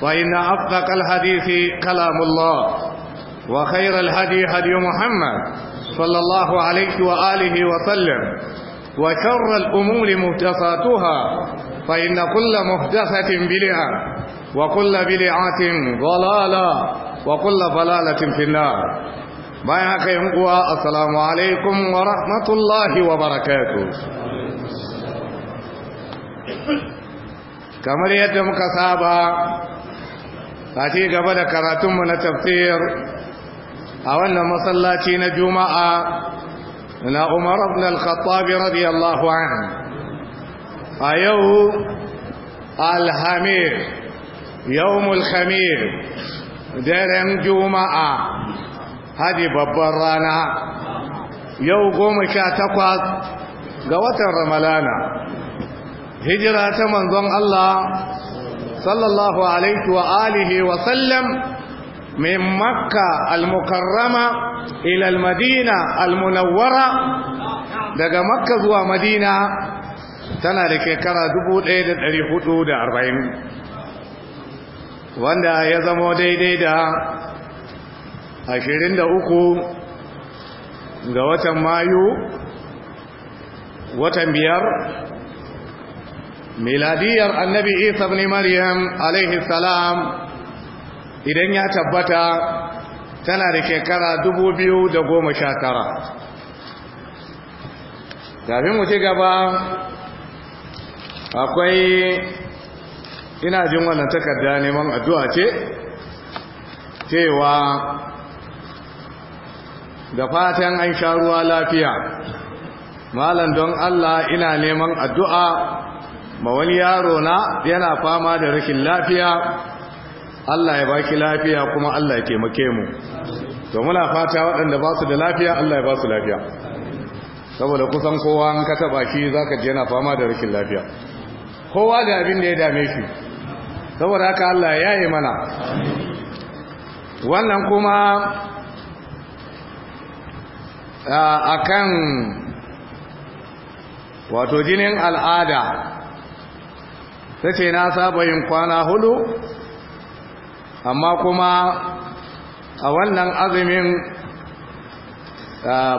فإن أصدق الحديث كلام الله وخير الهدي هدي محمد صلى الله عليه وآله وسلم وشر الأمور مهدفاتها فإن كل مهدفة بلعة وكل بلعة ضلالة وكل ضلالة في النار معك ينقوى السلام عليكم ورحمة الله وبركاته كما yadda كسابا a ci gaba da karatunmu na tafsir a wannan masallaci na juma'a na umar ibn al-khattab radiyallahu anhu a yau alhamir yawmul khamir daren juma'a hadi babbar rana yau goma sha takwas ga watan ramalana hijira ta manzon Allah sallallahu alaihi wa alihi wa sallam min makka al-mukarrama ila al-madina al-munawwara daga makka zuwa madina tana da shekara 1440 wanda ya zamo daidai da 23 ga watan mayu watan biyar miladiyar annabi isa ibn maryam alaihi salam idan ya tabbata tana da shekara 2019 kafin mu ci gaba akwai ina jin wannan takarda neman addu'a ce cewa da fatan an sha ruwa lafiya malam don Allah ina neman addu'a ma wani yaro na yana fama da rashin lafiya Allah ya baki lafiya kuma Allah ya taimake mu to muna fata waɗanda ba su da lafiya Allah ya ba su lafiya saboda kusan kowa an kasa baki zaka ji yana fama da rashin lafiya kowa da abin da ya dame shi saboda haka Allah ya yi mana wannan kuma akan wato jinin al'ada sai ce na saba yin kwana hudu amma kuma a wannan azumin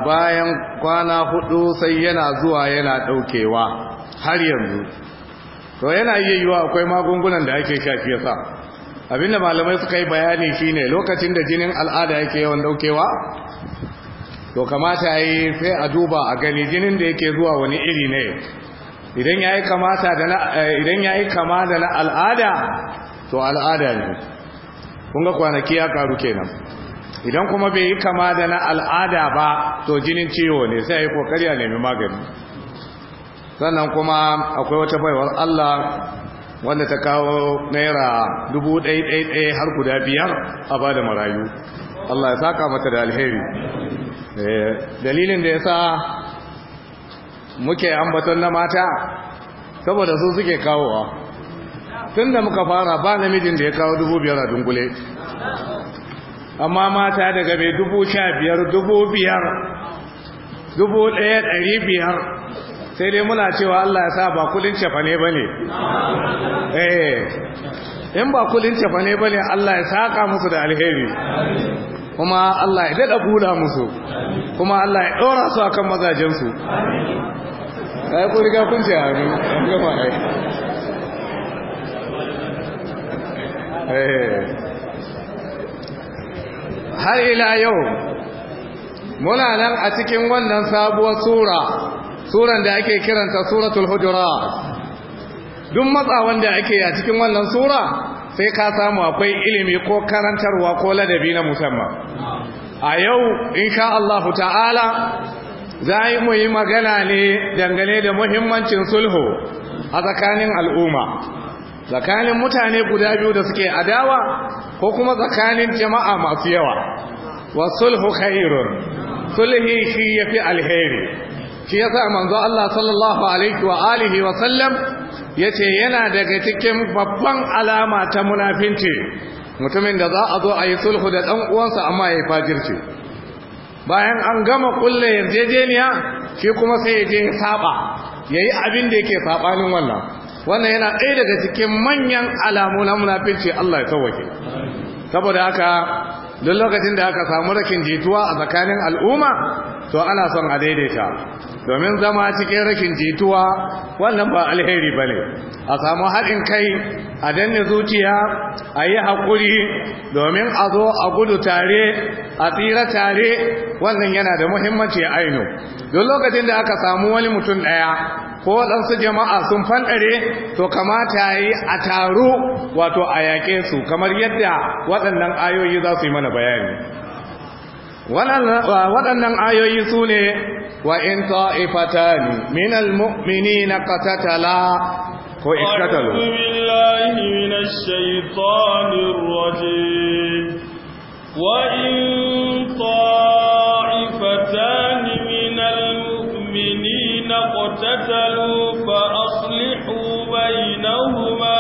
bayan kwana hudu sai yana zuwa yana daukewa har yanzu to yana iya yiwuwa akwai magungunan da ake shafi yasa abinda malamai suka yi bayani shine lokacin da jinin al'ada yake yawan daukewa to kamata yi sai a duba a gani jinin da yake zuwa wani iri ne idan yayi kamata da eh, idan yayi kama da na al'ada to al'ada ne kun kwanaki ya karu kenan idan kuma bai yi kama da na al'ada ba to jinin ciwo ne sai yi kokari a nemi magani sannan kuma akwai wata baiwar Allah wanda ta kawo naira dubu ɗai ɗai ɗai har guda biyar a ba da marayu Allah ya saka mata da alheri eh, dalilin da ya sa muke ambaton na mata saboda su suke kawowa tun da muka fara ba namijin da ya kawo dubu biyar a dungule. amma mata daga mai dubu sha biyar dubu biyar dubu ɗaya ɗari biyar sai dai muna cewa Allah ya sa ba kulin cefane ba ne eh, in ba kulin cefane ba ne Allah ya saƙa musu da alheri kuma Allah ya daɗa buɗa musu kuma Allah ya ɗora su akan mazajensu ai ku kun ce hannu gama ai eh. har ila yau muna nan a cikin wannan sabuwar sura suran da ake kiranta suratul hujurat duk matsawan da ake a cikin wannan sura sai ka samu akwai ilimi ko karantarwa ko ladabi na musamman a yau insha Allah ta'ala za mu yi magana ne dangane da muhimmancin sulhu a tsakanin al'umma tsakanin mutane guda biyu da suke adawa ko kuma tsakanin jama'a masu yawa wa sulhu khairun sulhi shi yafi alheri shi yasa manzo Allah sallallahu alaihi wa alihi wa sallam ya ce yana daga cikin babban alama ta munafinci mutumin da za a zo a yi sulhu da ɗan'uwansa amma ya yi fajirce bayan an gama kulle yarjejeniya shi kuma sai ya je ya saba ya yi abin da yake sabanin wannan wannan yana ɗaya daga cikin manyan alamu na munafinci Allah ya sauwake saboda haka duk lokacin da aka samu rakin jituwa a tsakanin al'umma to ana son a daidaita domin zama cikin rashin jituwa wannan ba alheri ba ne a samu haɗin kai a danne zuciya a yi haƙuri domin a zo a gudu tare a tsira tare wannan yana da muhimmanci a ainu don lokacin da aka samu wani mutum ɗaya ko waɗansu jama'a sun fanɗare to kamata yi a taru wato a yaƙe su kamar yadda waɗannan ayoyi za su yi mana bayani waɗannan ayoyi su ne wa in ta'ifatani min almu'minina qatatala ko min almu'minina qatatalu fa aslihu bainahuma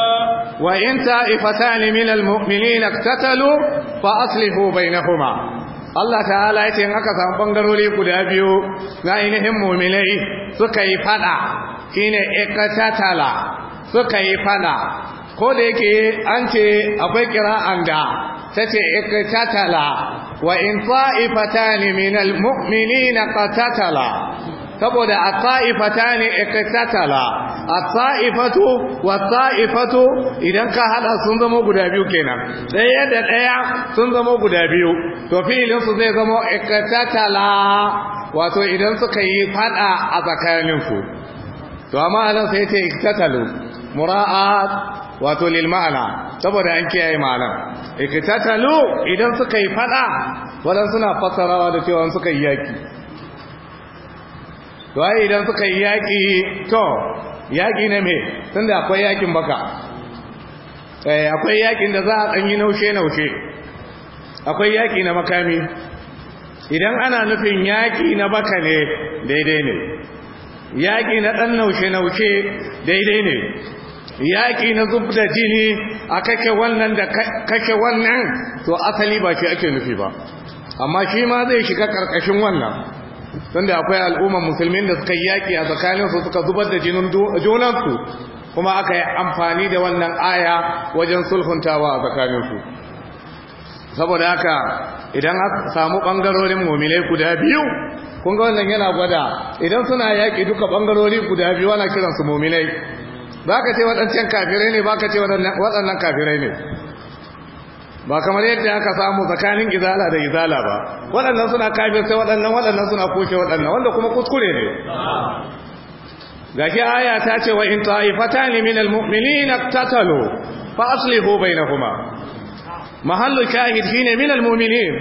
wa in ta'ifatani min almu'minina qatatalu fa Allah ta'ala ya ce in aka samu bangarori guda biyu na ainihin muminai suka yi fada shine ikatatala suka yi fada ko da yake an ce akwai kira'an da ta ce ikatatala wa in ta'ifatani minal mu'minina qatatala saboda a ta'ifata ne ikatala a ta'ifatu wa ta'ifatu idan ka hada sun zama guda biyu kenan ɗaya da ɗaya sun zama guda biyu to fi'ilinsu zai zama ikatala wato idan suka yi fada a tsakaninku to amma anan sai ce ikatatalu mura'at wato lil ma'ana saboda an kiyaye kai ikatatalu idan suka yi fada wadansu na fasarawa da cewa suka yi yaki to ai idan suka yi yaƙi to yaƙi na me tunda akwai yaƙin baka eh, akwai yaƙin da za a yi naushe-naushe akwai yaƙi na makami idan ana nufin yaƙi na baka ne daidai ne yaƙi na ɗan naushe-naushe daidai ne yaƙi na zub da jini a kake wannan da kake wannan to asali ba shi ake nufi ba amma shi ma zai shiga ƙarƙashin wannan tunda akwai al'umman musulmin da suka yaki a tsakaninsu suka zubar da jinin junansu kuma aka yi amfani da wannan aya wajen sulhuntawa a tsakaninsu saboda haka idan aka samu bangarorin mumilai guda biyu kun ga wannan yana gwada idan suna yaki duka bangarori guda biyu ana kiransu mumilai ba ka ce waɗancan kafirai ne ba ka ce waɗannan kafirai ne ba kamar yadda aka samu tsakanin izala da izala ba waɗannan suna kafin sai waɗannan waɗannan suna kushe waɗannan wanda kuma kuskure ne gashi aya ta ce wa in ne min na tatalu fa aslihu bainahuma mahallu shahid shine min al-muminin.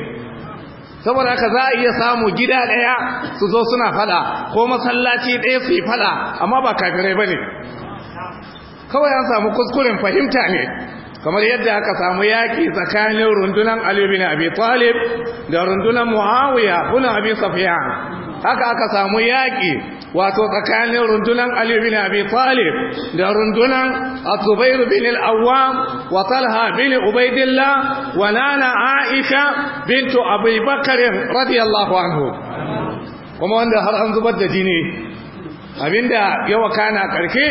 saboda ka za a iya samu gida daya su zo suna fada ko masallaci daya su yi fada amma ba kafirai bane kawai an samu kuskuren fahimta ne kamar yadda aka samu yaki tsakanin rundunan Ali bin Abi Talib da rundunan Muawiya bin Abi Sufyan haka aka samu yaki wato tsakanin rundunan Ali bin Abi Talib da rundunan Zubair bin al wa Talha bin Ubaidillah wa Nana Aisha bintu Abi Bakr radiyallahu anhu kuma wanda har an zubar da jini abinda yawa kana karke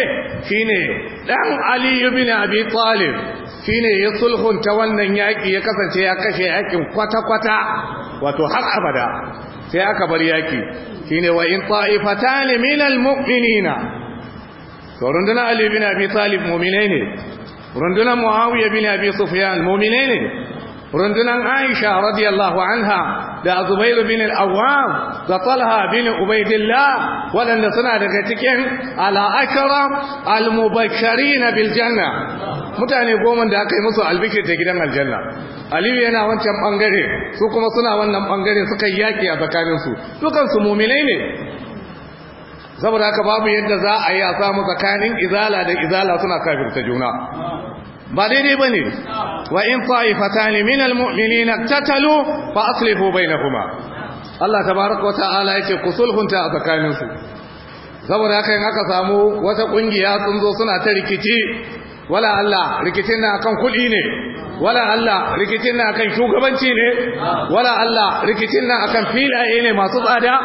shine dan ali ibn abi talib shine ya sulhunta wannan yaki ya kasance ya kashe yakin kwata kwata wato har abada sai aka bar yaki shine wa in ta'ifatan min almu'minina to runduna ali ibn abi talib mu'mine ne runduna muawiya ibn abi sufyan mu'mine rundunan Aisha radiyallahu anha da Zubairu bin al-Awwam da Talha bin Ubaidillah waɗanda suna daga cikin al-ashara al-mubashirin bil janna mutane goma da aka yi musu albishir da gidan aljanna Aliyu yana wancan bangare su kuma suna wannan bangare suka yaki a tsakaninsu dukan su mu'minai ne saboda haka babu yadda za a yi a samu tsakanin izala da izala suna kafirta juna ba daidai bane wa in ta'ifatani minal mu'minina tatalu bai na kuma. Allah tabaraka wata'ala yake ku sulhunta a tsakaninsu saboda haka in aka samu wata ƙungiya sun zo suna ta rikici wala Allah rikicin na kan kuɗi ne wala Allah rikicin nan akan shugabanci ne wala Allah rikicin nan akan filaye ne masu tsada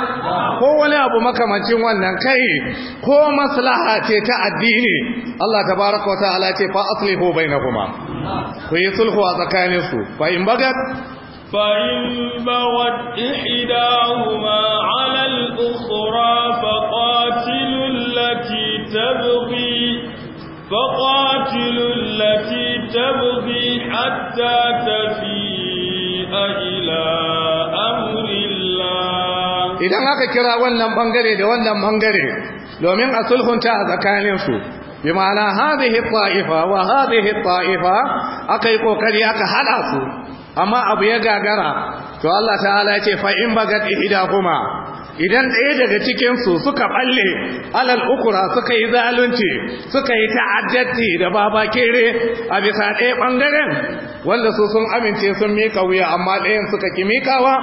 ko wani abu makamancin wannan kai ko maslaha ce ta addini Allah tabaraka wa ta'ala ce fa aslihu bainahuma ku yi sulhu a tsakaninsu fa in bagat فإن بغت إحداهما على الأخرى فقاتلوا التي تبغي فقاتلوا التي تبغي حتى تفيء إلى أمر الله إذا aka kira wannan bangare da wannan bangare domin a sulhunta a tsakaninsu bi ma'ana a ta'ifa wa hadhihi ta'ifa akai kokari aka haɗa su amma abu ya gagara to Allah ta'ala ya ce fa in bagat ihdahuma idan ɗaya daga cikinsu suka ɓalle alal ukura suka yi zalunci suka yi ta'addati da baba kere a bisa ɗaya ɓangaren wanda su sun amince sun mika wuya amma ɗayan suka ki mikawa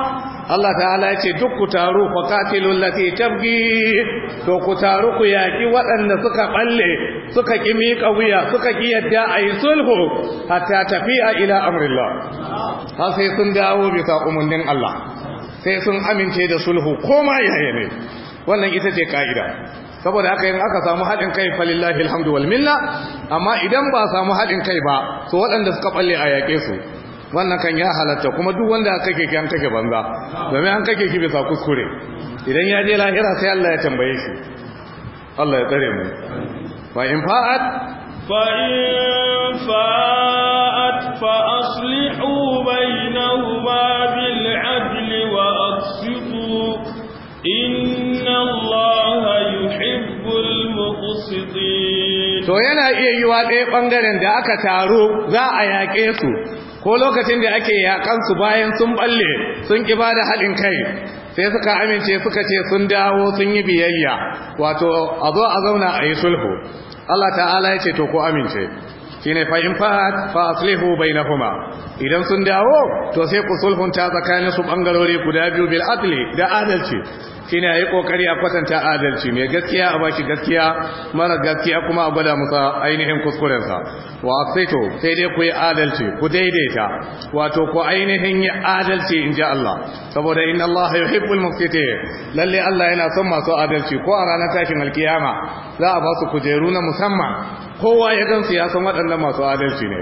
Allah ta'ala ce duk ku taru ku katilu lati tabgi to ku taru ku yaki waɗanda suka ɓalle suka ki mika wuya suka ki yadda a yi sulhu hatta tafiya ila amrillah har sai sun dawo bisa umarnin Allah sai sun amince da sulhu ko ma yaya ne wannan ita ce ka'ida saboda haka yin aka samu haɗin kai falillahi alhamdu wal minna amma idan ba samu haɗin kai ba to waɗanda suka balle a yaƙe su wannan kan ya halatta kuma duk wanda aka kake an kake banza domin an kake ki bisa kuskure idan ya je lahira sai Allah ya tambaye shi Allah ya tsare mu fa in fa'at fa in fa'at fa aslihu bainahuma to yana iya yiwa ɗaya ɓangaren da aka taro za a yaƙe su ko lokacin da ake yaƙansu bayan sun ɓalle sun ƙi ba da haɗin kai sai suka amince suka ce sun dawo sun yi biyayya wato a zo a zauna a yi sulhu Allah ta'ala ya ce to ko amince shi ne fa’in fa fa’a sulhu bai na kuma. idan sun dawo to sai ku sulhunta tsakanin su bangarori guda biyu bil adli da adalci Kina yi kokari a kwatanta adalci mai gaskiya a baki gaskiya mara gaskiya kuma a gwada musa ainihin kuskuren sa wa asaitu sai dai ku yi adalci ku daidaita wato ku ainihin yi adalci in ji Allah saboda inna Allah yuhibbul muqsitin lalle Allah yana son masu adalci ko a ranar tashin alkiyama za a ba su kujeru na musamman kowa ya gamsu ya san waɗannan masu adalci ne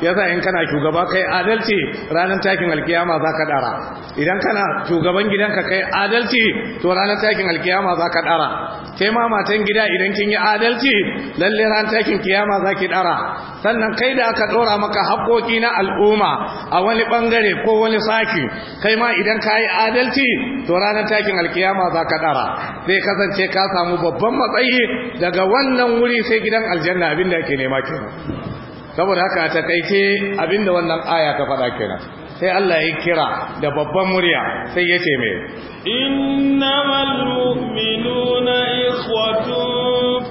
yasa in kana shugaba kai adalci ranar takin alkiyama za ka dara idan kana shugaban gidanka kai adalci to ranar takin alkiyama za ka dara sai ma matan gida idan kin yi adalci lalle ranar takin kiyama za ki dara sannan kai da aka dora maka haƙoƙi na al'umma a wani bangare ko wani saki kai ma idan ka yi adalci to ranar takin alkiyama za ka dara zai kasance ka samu babban matsayi daga wannan wuri sai gidan aljanna abin da ake nema kenan saboda haka a kaice abinda wannan aya ta faɗa kenan sai Allah ya kira da babban murya sai ya ce mai innamal mu'minuna ikhwatun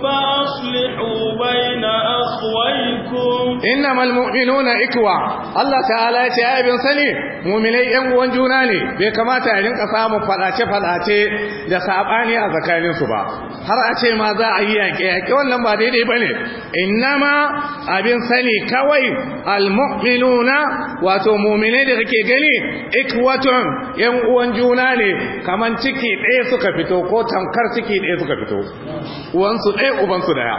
fa aslihu akhwaykum innamal mu'minuna ikwa Allah ta'ala ya ce ai bin sani mu'minai yan uwan juna ne bai kamata a rinka samu fadace fadace da sabani a tsakaninsu su ba har a ce ma za a yi yaƙe yaƙe wannan ba daidai bane innama abin sani kawai al wato mu'minai da kake gani ikwatun yan uwan juna ne kaman ciki ɗaya suka fito ko tamkar ciki ɗaya suka fito uwansu ɗaya uban su daya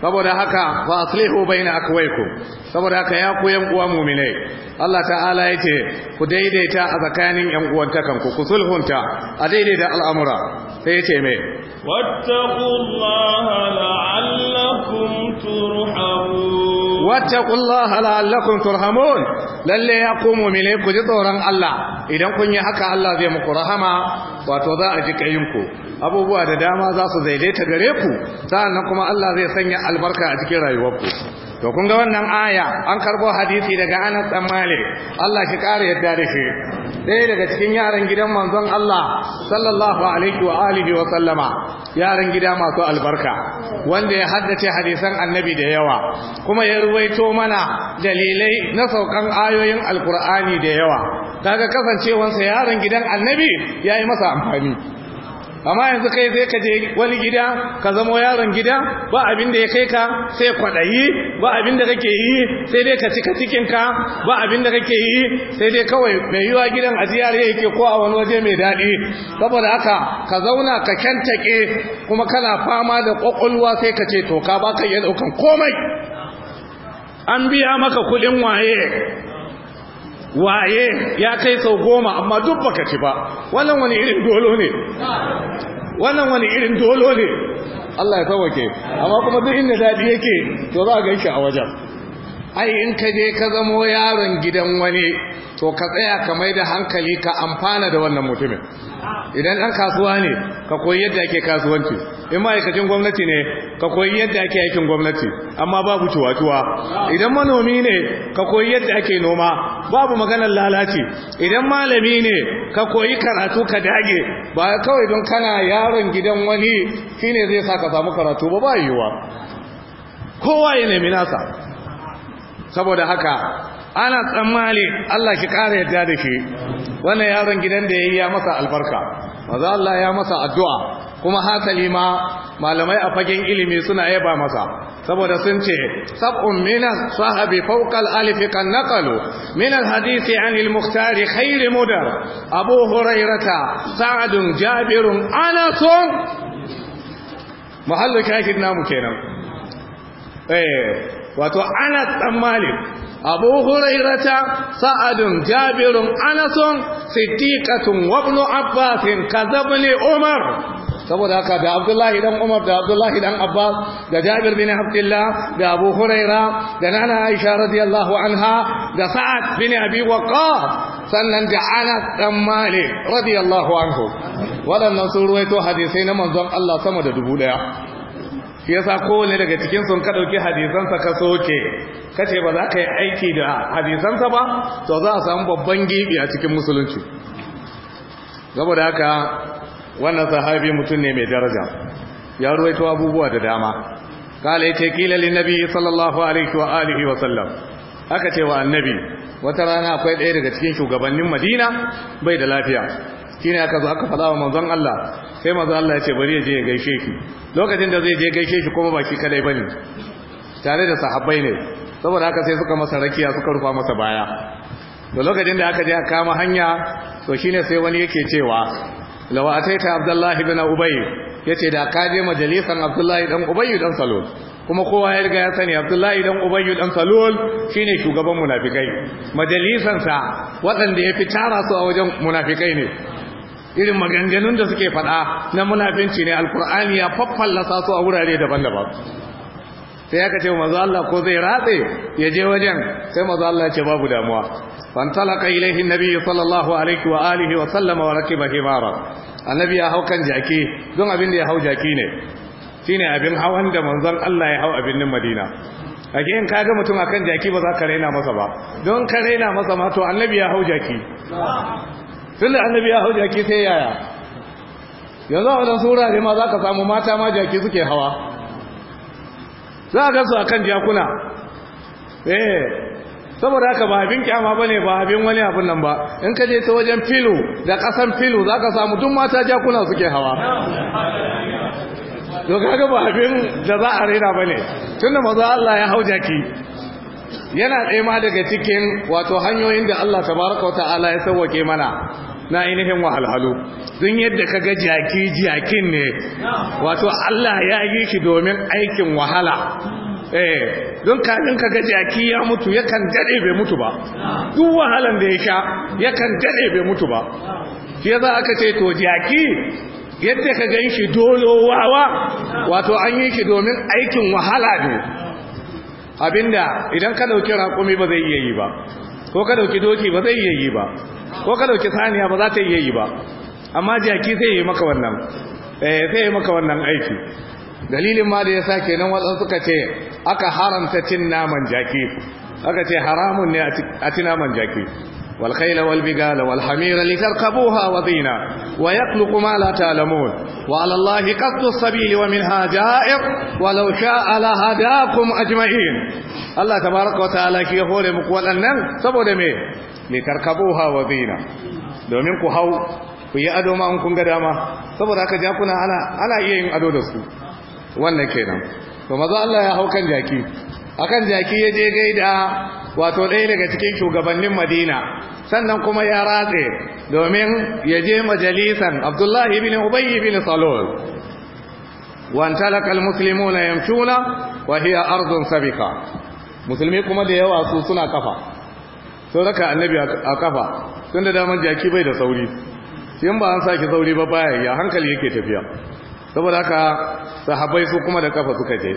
saboda haka fa aslihu baina akwaykum saboda haka ya ku yan uwa mu'minai Allah ta'ala yace ku daidaita a tsakanin yan uwan kanku ku sulhunta a daidaita al'amura sai yace me wattaqullaha la'allakum turhamun واتقوا الله لعلكم ترحمون lalle ya komo mu'mine ku ji tsoron Allah idan kun yi haka Allah zai muku rahama wato za a ji kayinku abubuwa da dama za su zaidaita gare ku sa'annan kuma Allah zai sanya albarka a cikin rayuwarku to kun ga wannan aya an karbo hadisi daga Anas dan Malik Allah shi kare yadda da shi dai daga cikin yaran gidan manzon Allah sallallahu alaihi wa alihi wa sallama yaran gida masu albarka wanda ya haddace hadisan annabi da yawa kuma ya ruwaito mana dalilai na saukan ayoyin alkur'ani da yawa kaga kasancewansa yaran gidan annabi yayi masa amfani amma yanzu kai sai ka je wani gida ka zama yaron gida ba abin da ya kai ka sai kwaɗayi ba abin da kake yi sai dai ka cika cikinka ba abin da kake yi sai dai kawai mai yiwa gidan a ziyara yake ko a wani waje mai daɗi saboda haka ka zauna ka kyantake kuma kana fama da ƙwaƙwalwa sai ka ce to ka ba ka iya ɗaukan komai an biya maka kuɗin waye waye ya kai sau goma amma duk baka ci ba wannan wani irin dolo ne wannan wani irin dolo ne Allah ya sauke amma kuma duk inda dadi yake to za ka shi a wajen ai in ka je ka zamo yaron gidan wani to ka tsaya ka mai da hankali ka amfana da wannan mutumin idan ɗan kasuwa ne ka koyi yadda ake kasuwanci in ma'aikacin gwamnati ne ka koyi yadda ake aikin gwamnati amma babu cuwa-cuwa idan manomi ne ka koyi yadda ake noma babu maganar lalaci idan malami ne ka koyi karatu ka dage ba kawai don kana yaron gidan wani ne zai sa ka samu karatu ba ba yiwuwa kowa ya nemi nasa saboda haka ana tsammani Allah ki kara yadda da ke wannan yaron gidan da ya yi ya masa albarka maza Allah ya masa addu'a kuma hasali ma malamai a fagen ilimi suna yaba masa saboda sun ce sab'un min sahabi fawqa al-alif kan naqalu min al an al khair mudar abu hurairata sa'adun jabirun anasun mahallu shahid namu kenan eh wato ana tsammani abu hurairata sa'adun jabirun anasun siddiqatun wabnu abbasin kazabni umar saboda haka da abdullahi dan umar da abdullahi dan abbas da jabir bin abdullah da abu huraira da nana aisha radiyallahu anha da sa'ad bin abi waqqas sannan da anas dan malik radiyallahu anhu waɗannan sun ruwaito hadisai na manzon Allah sama da dubu ɗaya shi yasa kowane daga cikin sun ka dauki hadisansa ka soke kace ba za ka yi aiki da hadisansa ba to za a samu babban gibi a cikin musulunci saboda haka wannan sahabi mutum ne mai daraja ya ruwaito abubuwa da dama kala yace kila lin nabi sallallahu alaihi wa alihi wa sallam aka ce wa annabi wata rana akwai ɗaya daga cikin shugabannin madina bai da lafiya shine aka zo aka fada wa manzon Allah sai manzon Allah ya ce bari ya je ya gaishe shi lokacin da zai je gaishe shi kuma ba shi kadai bane tare da sahabbai ne saboda haka sai suka masa rakiya suka rufa masa baya da lokacin da aka je aka kama hanya to shine sai wani yake cewa law ataita abdullahi ibn ubay yace da ka je majalisan abdullahi dan ubay dan salul kuma kowa ya riga ya sani abdullahi dan ubayyu dan salul shine shugaban munafikai sa waɗanda ya fi tara su a wajen munafikai ne irin maganganun da suke faɗa na munafinci ne alkur'ani ya faffallasa su a wurare daban-daban sai aka ce mazu Allah ko zai ratse ya je wajen sai mazu Allah ce babu damuwa fantalaka ilaihi nabi sallallahu alaihi wa alihi wa sallama wa rakiba himara annabi ya hau kan jaki don abin da ya hau jaki ne shine abin hawan da manzon Allah ya hau abin nan Madina kage in kaga mutum akan jaki ba za ka raina masa ba don ka raina masa ma to annabi ya hau jaki tunda annabi ya hau jaki sai yaya yanzu a wadansu wurare ma za ka samu mata ma jaki suke hawa za a gasu a kan jakuna eh saboda haka ba abin kyama ba ne ba abin wani abin nan ba in ka je ta wajen filo da kasan filo za ka samu duk mata jakuna suke hawa to kaga ba abin da za a raina ba ne tunda maza Allah ya hau jaki yana ɗaya ma daga cikin wato hanyoyin da Allah tabaraka wata'ala ya sauwake mana na ainihin wahalhalu Don yadda kaga jaki jakin ne wato Allah ya yi shi domin aikin wahala eh don ka kaga jaki ya mutu ya kan dade bai mutu ba duk wahalan da ya sha yakan daɗe bai mutu ba shi za aka ce to jaki yadda ka gan shi wawa wato an yi shi domin aikin wahala ne abinda idan ka dauki raƙumi ba zai iya yi ba ko ka dauki doki ba zai iya yi ba ko ka dauki saniya ba za ta iya yi ba amma jaki sai yi maka wannan eh zai yi maka wannan aiki dalilin ma da ya sake kenan waɗansu suka ce aka haramta cin naman jaki aka ce haramun ne a cin naman jaki والخيل والبقال والحمير لتركبوها وزينا ويخلق ما لا تعلمون وعلى الله قصد السبيل ومنها جائر ولو شاء لهداكم أجمعين الله تبارك وتعالى كي يقول مقوال النم سبو دمي لتركبوها وزينا domin ku hau ku yi ado ma kun ga dama saboda haka jakuna ana ana iya yin ado da su wannan kenan to maza Allah ya hau kan jaki akan jaki ya je gaida wato ɗaya daga cikin shugabannin madina sannan kuma ya ratse domin ya je majalisan abdullahi bin ubayi ibn salul wantalakal musulmi na wa hiya ardun sabika musulmi kuma da yawa su suna kafa sun raka annabi a kafa tun da damar jaki bai da sauri shi ba an saki sauri ba baya ya hankali yake tafiya saboda haka sahabbai su kuma da kafa suka je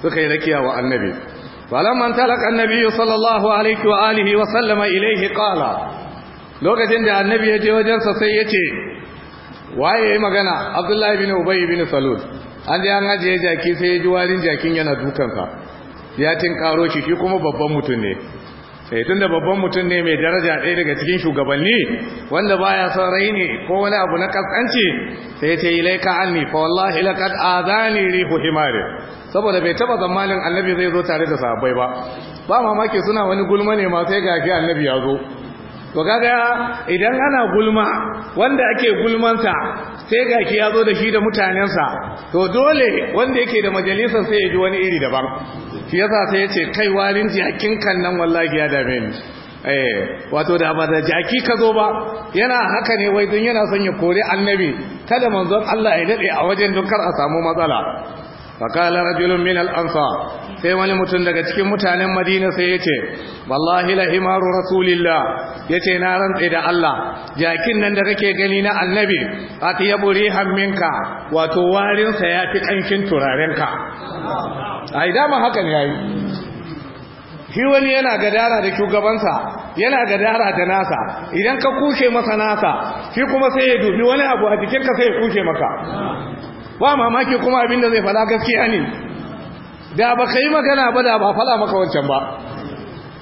suka yi rakiya wa annabi falamman talaka annabi sallallahu alaihi wa wa sallama ilaihi qala lokacin da annabi ya je wajensa sai ya ce waye yayi magana abdullahi bin ubay bin salul an je an ajiye jaki sai ya ji warin jakin yana dukanka ya tin karo shi shi kuma babban mutum ne Eh, Tun da babban mutum ne mai daraja ɗaya daga cikin shugabanni wanda baya son raini ko wani abu na kaskanci sai ya ce ilaika anni fa wallahi laqad azani rihu himari saboda bai taba zamanin annabi zai zo tare da sahabbai ba ba mamaki suna wani gulma ne ma sai gafi annabi ya zo to kaga idan ana gulma wanda ake gulmansa sai gaki ya zo da shi da mutanensa to dole wanda yake da majalisar sai ya ji wani iri daban shi yasa sai yace ce kai warin jakin kan nan wallahi ya dame ni eh wato da ba da jaki ka zo ba yana haka ne wai don yana son ya kore annabi kada manzon Allah ya dade a wajen don kar a samu matsala فقال رجل من الانصار sai wani mutum daga cikin mutanen madina sai ya ce wallahi la himaru rasulillah ya ce na rantse da Allah jakin nan da kake gani na annabi a ta yabu rihan minka wato warinsa ya fi ƙanshin turarenka a dama hakan ya yi shi wani yana gadara da shugabansa yana gadara da nasa idan ka kushe masa nasa shi kuma sai ya dubi wani abu a jikinka sai ya kushe maka ba mamaki kuma abin da zai fada gaskiya ne da ba ka yi magana ba da ba fada maka wancan ba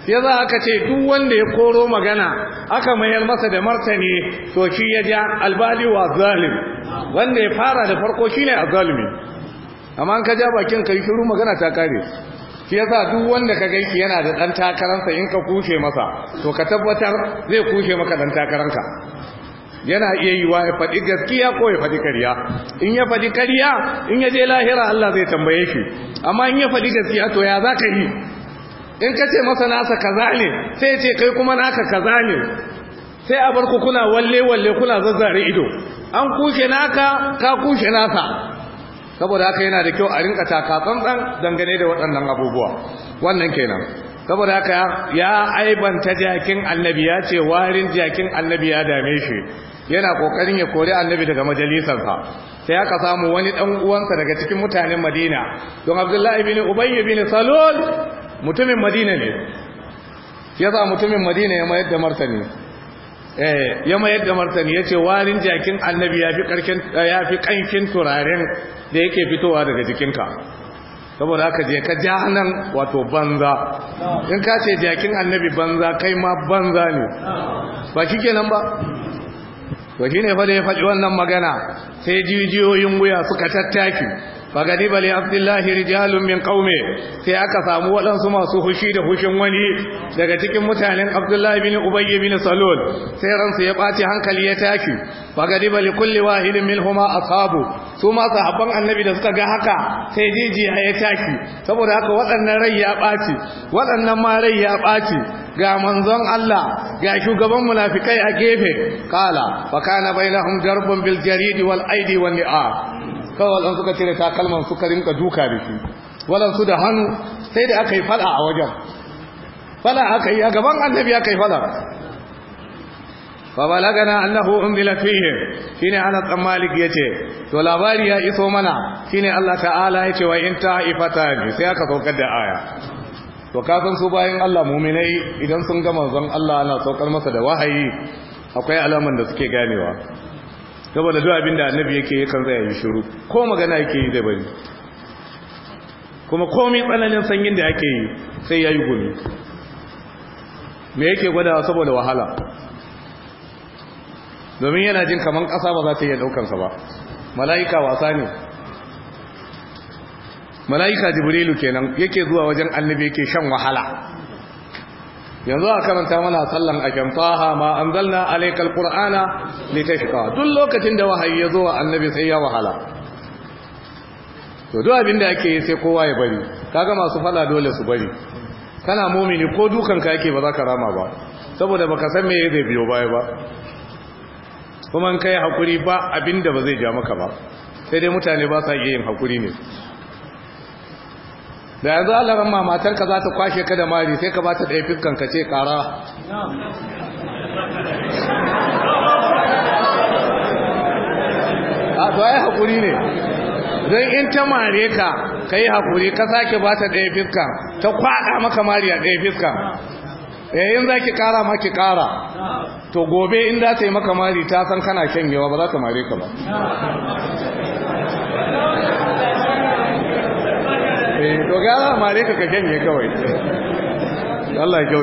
ya za aka ce duk wanda ya koro magana aka mayar masa da martani to shi ya ja albali wa zalim wanda ya fara da farko shi ne a zalimi amma ka ja bakin ka yi shiru magana ta kare shi ya sa duk wanda ka gaiki yana da ɗan takararsa in ka kushe masa to ka tabbatar zai kushe maka dan takararka yana iya yi wa ya faɗi gaskiya ko ya faɗi ƙarya in ya faɗi ƙarya in ya je lahira Allah zai tambaye shi amma in ya faɗi gaskiya to ya za ka yi in ka ce masa nasa kaza ne sai ya ce kai kuma naka kaza ne sai a bar ku kuna walle walle kuna zazzare ido an kushe naka ka kushe nasa saboda haka yana da kyau a rinka tsantsan dangane da waɗannan abubuwa wannan kenan saboda haka ya aibanta jakin annabi ya ce warin jakin annabi ya dame shi yana kokarin ya kori annabi daga majalisarsa sai aka samu wani dan uwansa daga cikin mutanen Madina don Abdullahi ibn ubayy ibn Salul mutumin Madina ne Ya sa mutumin Madina ya mayar da martani eh ya mayar da martani yace warin jakin annabi yafi karkin eh, yafi kankin turaren da yake fitowa daga jikinka saboda haka je ka ja wato banza in ka ce jakin annabi banza kai ma banza ne ba kike nan ba to shine fa da ya faɗi wannan magana sai jijiyoyin wuya suka tattaki fagadi bali abdullahi rijalun min qaume sai aka samu waɗansu masu hushi da hushin wani daga cikin mutanen abdullahi bin ubay bin salul sai ransu ya ɓaci hankali ya tashi fagadi bali kulli wahidin a ashabu su ma sahabban annabi da suka ga haka sai jijiya ya tashi saboda haka waɗannan rai ya waɗannan ma rai ya ɓaci ga manzon Allah ga shugaban munafikai a gefe kala wa kana bainahum darbun bil jarid wal aidi wal ni'ab kawai an suka cire takalman suka rinka duka da shi walan su da hannu sai da aka yi fada a wajen fada aka yi a gaban annabi aka yi fada fa balagana annahu unzila fihi shine ana tsammalik yace to labari ya iso mana shine Allah ta'ala yace wa in ta'ifatan sai aka saukar da aya to kasan su bayan Allah muminai idan sun ga zan Allah ana saukar masa da wahayi akwai alaman da suke ganewa saboda duk abin da annabi yake yi kan zai yi shiru ko magana yake yi da bari kuma komai tsananin sanyin da ake yi sai ya yi gumi me yake gwada saboda wahala domin yana jin kamar ƙasa ba za ta iya ɗaukansa ba mala'ika wasa ne mala'ika jibrilu kenan yake zuwa wajen annabi yake shan wahala yanzu a karanta mana sallan a kyamfaha ma an zalna alaikal ƙur'ana litashka duk lokacin da wahayi ya zo wa annabi sai ya wahala to duk abin da ake yi sai kowa ya bari kaga masu faɗa dole su bari kana mumini ko dukanka yake ba za ka rama ba saboda baka san me zai biyo baya ba kuma kai hakuri ba abinda ba zai ja maka ba sai dai mutane ba sa iya yin hakuri ne da yanzu Allah ma matar ka za ta kwashe ka da mari sai ka ba ta ɗaya fiskan ka ce ƙara a to ai haƙuri ne don in ta mare ka ka yi haƙuri ka sake ba ta ɗaya fiskan ta kwaɗa maka mari a ɗaya fiskan yayin eh, za ki ƙara ma ki ƙara to gobe in za ta yi maka mari ta san kana yawa ba za ta mare ka ba Eh, to gara mare ka kashe ne kawai Allah ya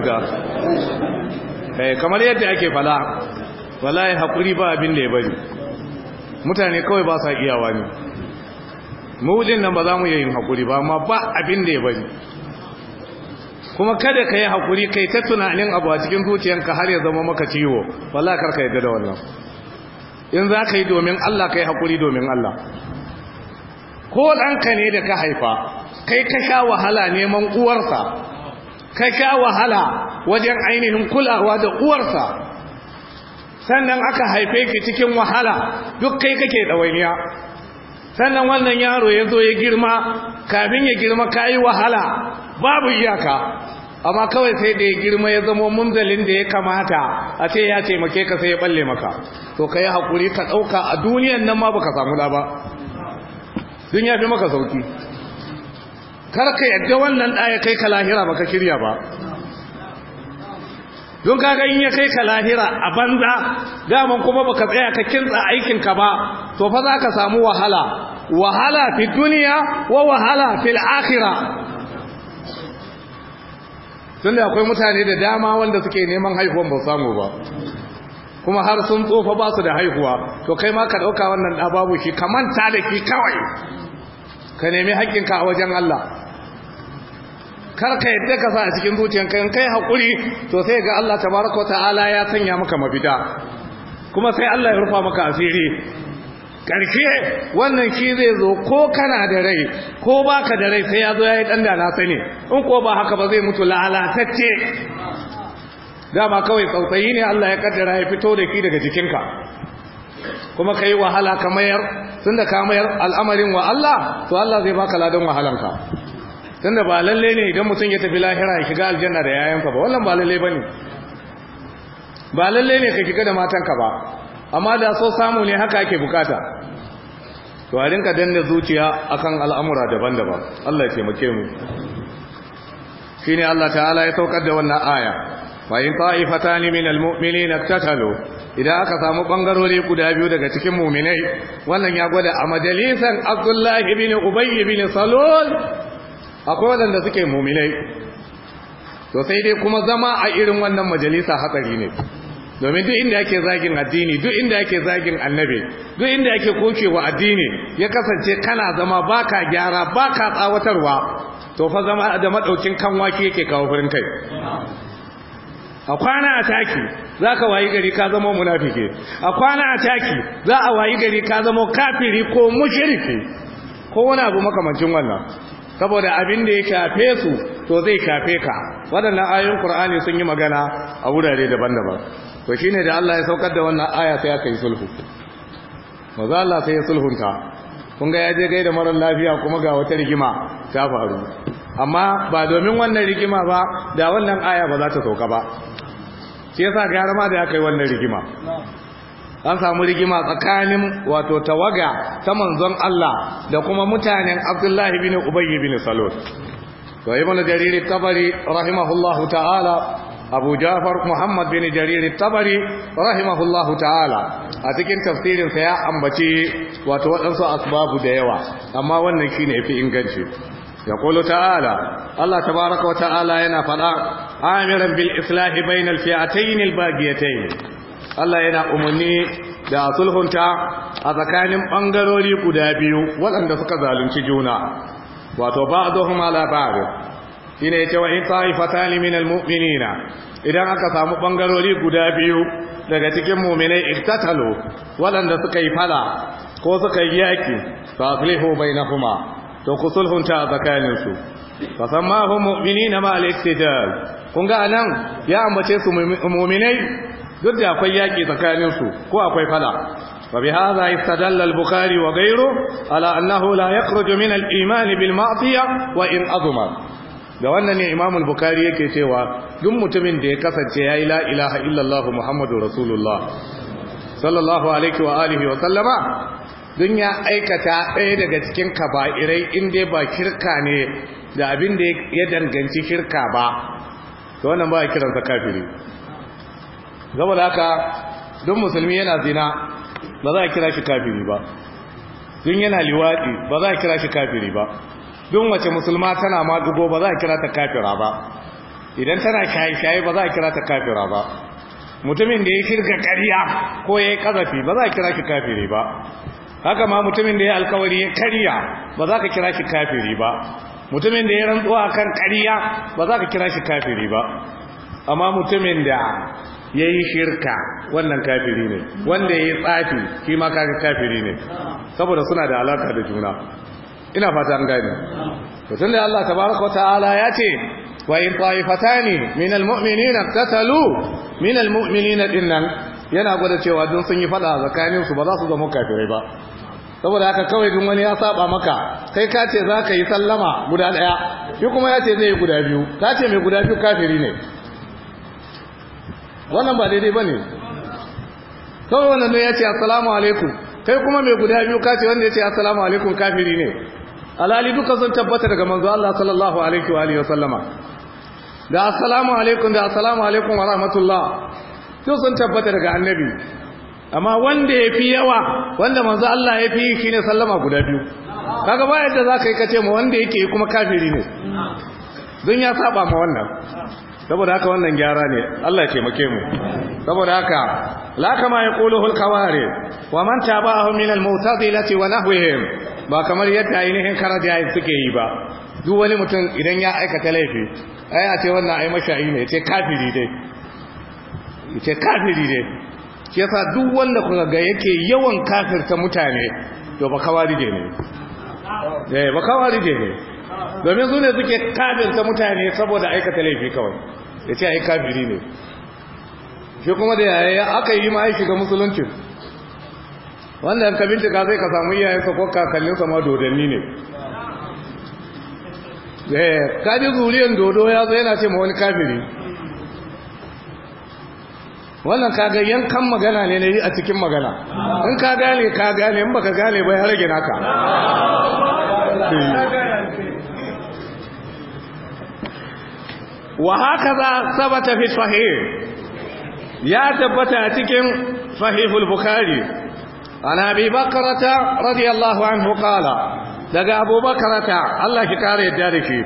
eh, kamar yadda ake fala wallahi hakuri ba abin ya bari mutane kawai ba sa iyawa ne mawujin nan ba za mu yi yin hakuri ba amma ba abin da ya bari kuma kada ka yi hakuri kai ta tunanin abu a cikin zuciyarka har ya zama maka ciwo wallahi kar ka yadda da wannan in za ka yi domin Allah ka yi hakuri domin Allah ko ɗanka ne da ka haifa kai ka sha wahala neman uwarsa ka sha wahala wajen ainihin kulawa da uwarsa sannan aka haife ki cikin wahala duk kai kake ɗawainiya sannan wannan yaro ya zo ya girma kafin ya girma ka yi wahala babu iyaka amma kawai sai da ya girma ya zama munzalin da ya kamata a ce ya taimake ka sai ya balle maka to ka yi haƙuri ka ɗauka a duniyan nan ma baka samu da ba dun ya fi maka sauki Kar ka yadda wannan ɗaya kai ka lahira ba ka kirya ba don kaga in ya kai ka lahira a banza daman kuma baka tsaya ka kintsa aikinka ba to fa za ka samu wahala wahala fi duniya wa wahala fil akhira da akwai mutane da dama wanda suke neman haihuwan ba samu ba kuma har sun tsofa ba su da haihuwa to kai ma ka ɗauka wannan ɗa babu shi kamanta da shi kawai ka nemi haƙƙinka a wajen Allah kar ka yadda ka sa a cikin zuciyanka in kai haƙuri to sai ga Allah tabaraka ta'ala ya sanya maka mafita kuma sai Allah ya rufa maka asiri karke wannan shi zai zo ko kana da rai ko baka da rai sai ya zo ya yi ɗan da na sani in ko ba haka ba zai mutu lalatacce dama kawai tsautsayi ne Allah ya kaddara ya fito da ki daga jikinka kuma kai wahala ka mayar tunda ka mayar al'amarin wa Allah to Allah zai baka ladan wahalanka tunda ba lalle ne idan mutum ya tafi lahira ya shiga aljanna da yayanka ba wannan ba lalle bane ba lalle ne ka shiga da matanka ba amma da so samu ne haka ake bukata to a rinka danna zuciya akan al'amura daban-daban Allah ya taimake mu shine Allah ta'ala ya saukar da wannan aya fa in ta'ifatan min almu'minina tattalo? idan aka samu bangarori guda biyu daga cikin mu'minai wannan ya gwada a majalisan Abdullah ibn Ubay ibn Salul akwai wanda suke mu'minai to sai dai kuma zama a irin wannan majalisa hatsari ne domin duk inda yake zagin addini duk inda ake zagin annabi duk inda yake kokewa addini ya kasance kana zama baka gyara baka tsawatarwa to fa zama da madaukin kanwa ke kawo furin kai a kwana a taki za ka wayi gari ka zama munafiki a kwana a taki za a wayi gari ka zama kafiri ko mushriki ko wani abu makamancin wannan saboda abin da ya shafe su to zai shafe ka waɗannan ayoyin qur'ani sun yi magana a wurare daban-daban to shine da Allah ya saukar da wannan aya sai aka yi sulhu maza Allah sai ya sulhunta kun ga ya je da marar lafiya kuma ga wata rigima ta faru amma ba domin wannan rigima ba da wannan aya ba za ta sauka ba shi yasa gara ma da ya kai wannan rigima an samu rigima tsakanin wato tawaga ta manzon Allah da kuma mutanen Abdullahi bin Ubayy bin Salul to ibn jarir tabari rahimahullahu ta'ala Abu Jafar Muhammad bin Jarir al-Tabari rahimahullahu ta'ala a cikin tafsirinsa ya ambaci wato waɗansu asbabu da yawa amma wannan shine yafi inganci yaqulu ta'ala Allah tabaaraka wa ta'ala yana faɗa, amiran bil islah bain al fi'atayn al baghiyatayn Allah yana umarni da sulhunta a tsakanin ɓangarori guda biyu wadanda suka zalunci juna wato ba'dahum ala ba'd shine yace wa in ta'ifatan min almu'minina idan aka samu bangarori guda biyu daga cikin mu'minai iktatalu wadanda suka yi fada ko suka yi yaki fa aslihu bainahuma to ku sulhunta tsakanin su fa sammahum mu'minina ma al-iktidal kun ga anan ya ambace su mu'minai duk da akwai yaki tsakanin su ko akwai fada وبهذا استدل البخاري وغيره على أنه لا يخرج من الإيمان wa وإن أضمر da wannan ne imamul bukari yake cewa duk mutumin da ya kasance ya yi la ilaha illallah muhammadu rasulullah sallallahu alaihi wa alihi wa sallama dun ya aikata ɗaya daga cikin kaba'irai in dai ba kirka ne da abin da ya danganci kirka ba to wannan ba a kiransa kafiri gaba da haka duk musulmi yana zina ba za a kira shi kafiri ba duk yana liwadi ba za a kira shi kafiri ba don wace musulma tana dubo ba za a kira ta kafira ba idan tana shaye-shaye ba za a kira ta kafira ba mutumin da ya shirka kariya ko ya yi kazafi ba za a kira shi kafiri ba haka ma mutumin da ya alkawari ya kariya, ba za ka kira shi kafiri ba mutumin da ya rantsuwa kan kariya, ba za ka kira shi kafiri ba amma mutumin da ya yi shirka wannan kafiri ne wanda ya yi tsafi shi ma kafiri ne saboda suna da alaka da juna ina fata an gane to da Allah tabaraka wataala ya ce wa in ta'ifatani min almu'minina qatalu min almu'minina dinnan yana gwada cewa dun sun yi fada zakanin su ba za su zama kafirai ba saboda haka kawai dun wani ya saba maka kai ka ce za ka yi sallama guda daya shi kuma ya ce zai yi guda biyu ka ce mai guda biyu kafiri ne wannan ba daidai ba ne kawai wannan ne ya ce assalamu alaikum kai kuma mai guda biyu kace wanda ya ce assalamu alaikum kafiri ne alali duka sun tabbata daga manzo Allah sallallahu alaihi wa alihi wa sallama da assalamu alaikum da assalamu alaikum wa rahmatullah to sun tabbata daga annabi amma wanda yafi yawa wanda manzo Allah yafi shine sallama guda biyu kaga ba yadda zaka yi kace mu wanda yake kuma kafiri ne don ya saba ma wannan saboda haka wannan gyara ne Allah ya taimake mu saboda haka la kama yaquluhu al-qawari wa man tabahu min al-mu'tazilati wa nahwihim ba kamar yadda ainihin karaja suke yi ba duk wani mutum idan ya aikata laifi ai a ce wannan ai mashayi ne ce kafiri dai ce kafiri dai shi yasa duk wanda kuka ga yake yawan kafirta mutane to ba kawarije ne eh ba kawarije ne domin su ne suke kabinta mutane saboda aikata laifi kawai ya ce ai kafiri ne shi kuma da yaya aka yi ma ga musulunci wanda ka bincika zai ka samu iyayensa ko kakanninsa ma dodanni ne eh, kaji zuriyar dodo ya zai yana ce ma wani kafiri wannan kaga yankan magana ne na yi a cikin magana in ka gane ka gane in baka gane bai har ka wa hakaza sabata fi sahih ya tabbata cikin sahihul bukhari an abi bakrata radiyallahu anhu qala daga abu bakrata Allah ki kare yadda da shi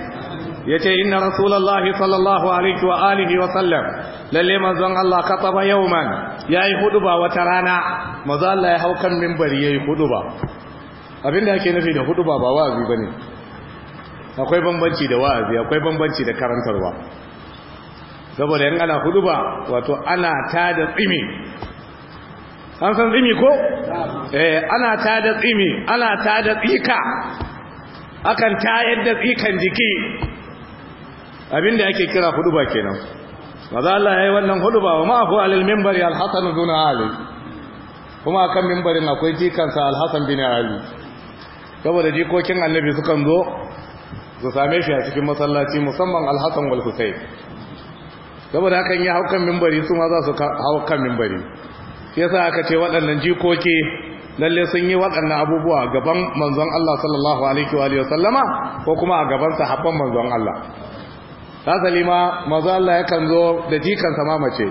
yace inna rasulullahi sallallahu alaihi wa alihi wa sallam lalle manzon Allah kataba yawman yayi huduba wata rana manzon Allah ya haukan kan minbari yayi huduba abinda yake nufi da huduba ba wazi bane akwai bambanci da wa'azi akwai bambanci da karantarwa saboda yan ana hudu ba wato ana ta da tsimi an san tsimi ko? eh ana ta da tsimi ana ta da tsika akan tayar da tsikan jiki abinda ake kira hudu ba kenan maza Allah ya yi wannan hudu ba wa ma'afu alil mimbari alhassan zuna ali kuma akan mimbarin akwai jikansa alhassan bin ali saboda jikokin annabi sukan zo su same shi a cikin masallaci musamman alhassan wal saboda hakan ya hau mimbari su ma za su hau kan mimbari yasa aka ce waɗannan jikoki lalle sun yi waɗannan abubuwa gaban manzon Allah sallallahu alaihi wa sallama ko kuma a gaban sahabban manzon Allah ta ma manzon Allah yakan zo da jikan ma mace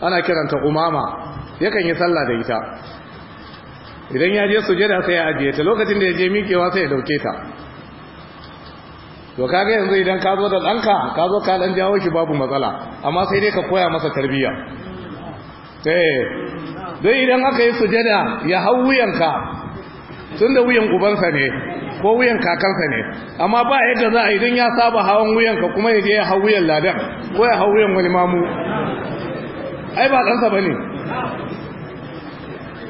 ana kiranta umama yakan yi sallah da ita idan ya je sujada sai ya ajiye ta lokacin da ya je miƙewa sai ya dauke ta to kaga yanzu idan ka zo da ɗanka ka zo ka ɗan jawo shi babu matsala amma sai dai ka koya masa tarbiyya eh, dai idan aka yi sujada ya hau wuyanka tun da wuyan ubansa ne ko wuyan kakansa ne amma ba yadda za a idan ya saba hawan wuyanka kuma ya je ya hau wuyan ladan ko ya hau wuyan wani mamu ai ba ɗansa ba ne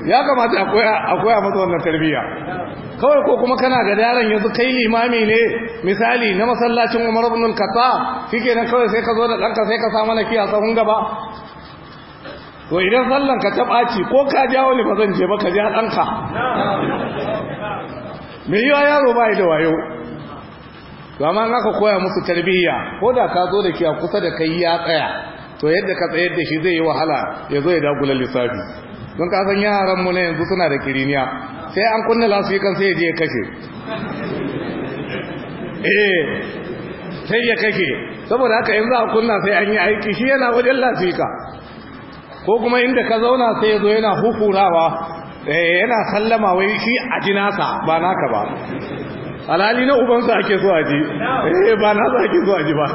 ya kamata a koya masu wannan tarbiyya kawai ko kuma kana ga yaron yanzu kai limami ne misali na masallacin Umar Kasa, al-Khattab nan kawai sai ka zo da danka sai ka sa mana kiya sahun gaba to idan sallan ka taba ci, ko ka ja wani ba zan je ba ka ja danka me wa yaro bai da wayo to amma ka koya musu tarbiyya ko da ka zo da a kusa da kai ya tsaya to yadda ka tsayar da shi zai yi wahala ya zo ya dagula lissafi don kasan yaran mu na yanzu suna da kiriniya sai an kunna kan sai je ya kashe eh sai ya kashe saboda haka yanzu a kunna sai an yi aiki shi yana wajen lasika. ko kuma inda ka zauna sai ya zo yana hukurawa eh, yana sallama wai shi a ji nasa ba naka ba alhali na ubansa ake so a ji eh, ba nasa ake so a ji ba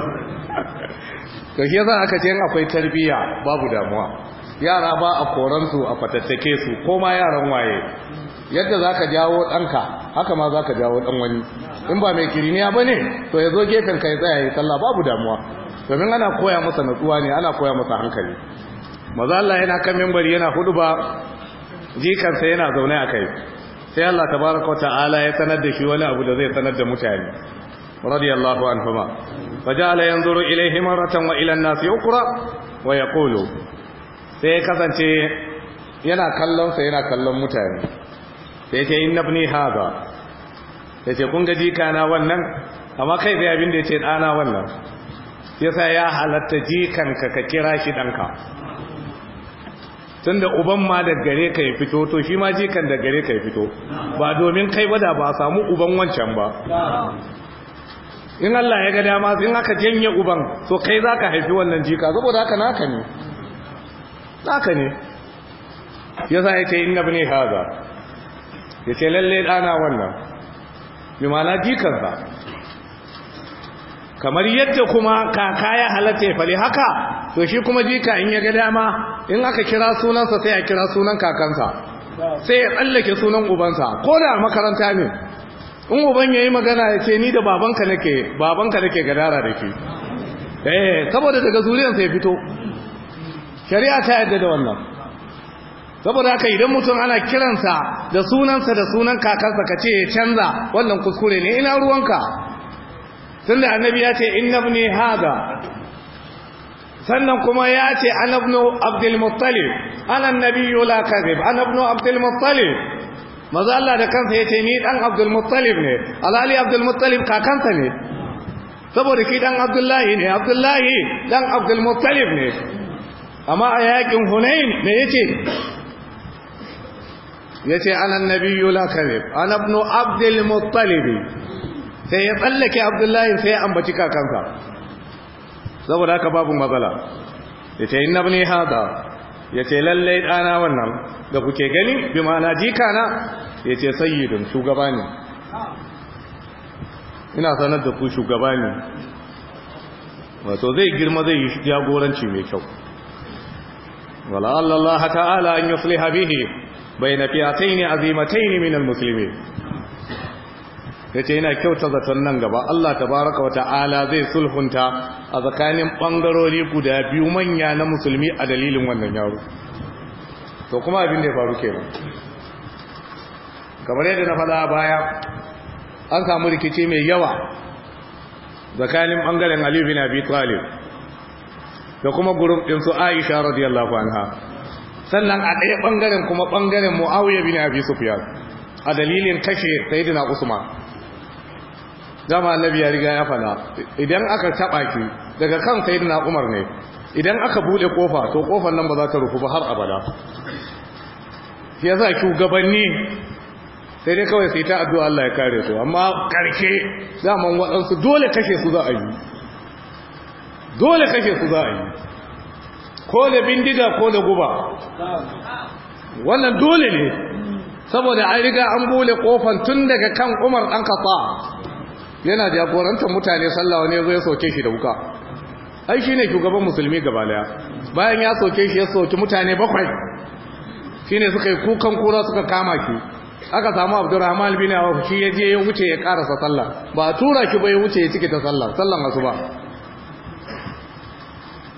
to shi yasa aka ce akwai tarbiyya babu damuwa yara ba a koransu a fatattake su ko ma yaran waye yadda za ka jawo ɗanka haka ma za ka jawo ɗan wani in ba mai kiriniya ba ne to ya zo gefen kai, ya tsaya sallah babu damuwa domin ana koya masa natsuwa ne ana koya masa hankali maza Allah yana kan membari yana hudu ba jikansa yana zaune a kai sai Allah tabaraka ta'ala ya sanar da shi wani abu da zai sanar da mutane radiyallahu anhuma faja'ala yanzuru ilayhi maratan wa ila an-nasi ukhra wa yaqulu sai ya kasance yana kallonsa yana kallon mutane sai ce in nabni haza ya ce kun gaji kana wannan amma kai zai abin da ya ce ɗana wannan yasa ya halatta jikan ka kira shi ɗanka tun da uban ma da gare ka ya fito to shi ma jikan da gare ka ya fito ba domin kai bada ba samu uban wancan ba in Allah ya ga dama in aka janye uban to kai za ka haifi wannan jika saboda haka naka ne haka ne ya sa ya ce na bane haza ya ce lalle dana wannan bi mana ba kamar yadda kuma kaka ya halatta ya fali haka to shi kuma jika in ya ga dama in aka kira sunansa sai a kira sunan kakansa sai ya tsallake sunan ubansa ko da makaranta ne in uban ya yi magana ya ce ni da babanka nake gadara da ke eh, saboda daga zuriyansa ya fito shari'a ta yadda da wannan saboda haka idan mutum ana kiransa da sunansa da sunan kakansa ka ce ya canza wannan kuskure ne ina ruwanka tunda annabi ya ce inna ibni hada sannan kuma ya ce ana ibn abdul muttalib ana annabiyyu la kadhib ana ibn abdul muttalib maza Allah da kansa ya ce ni dan abdul ne alali abdul kakansa ne saboda ki dan abdullahi ne abdullahi dan abdul ne amma a yakin hunain me yace yace ana annabiyyu la kadhib ana ibn abdul muttalib sai ya tsallake abdullahi sai ya ambaci kakanka. saboda haka babu matsala yace inna ibn hada yace lalle dana wannan da kuke gani bi ma'ana jikana yace sayyidun shugaba ne ina sanar da ku shugaba ne wato zai girma zai yi jagoranci mai kyau ولعل الله تعالى أن يصلح به بين فئتين عظيمتين من المسلمين yace yana kyauta zaton nan gaba Allah wa ta'ala zai sulhunta a tsakanin bangarori guda biyu manya na musulmi a dalilin wannan yaro to kuma abin da ya faru kenan kamar yadda na faɗa baya an samu rikici mai yawa tsakanin bangaren Ali bin Abi Talib da kuma group din su Aisha radiyallahu anha sannan a ɗaya ɓangaren kuma bangaren Muawiya bin Abi Sufyan a dalilin kashe Sayyidina Usman dama Annabi ya riga ya fada idan aka taba ki daga kan Sayyidina Umar ne idan aka bude kofa to kofar nan ba za ta rufu ba har abada shi yasa shugabanni sai dai kawai sai ta addu'a Allah ya kare su amma karshe zaman waɗansu dole kashe su za a yi dole kashe su za'a yi ko da bindiga ko da guba wannan dole ne saboda an riga an bule kofan tun daga kan umar ɗan kasa yana jagorantar mutane sallawa ne zai soke shi da wuka ai shi ne shugaban musulmi gabalaya bayan ya soke shi ya soke mutane bakwai shi ne suka yi kukan kura suka kama ki aka samu abdurrahman bin awaf shi ya je ya wuce ya karasa sallah ba a tura shi ba ya wuce ya cike ta sallah sallan ba.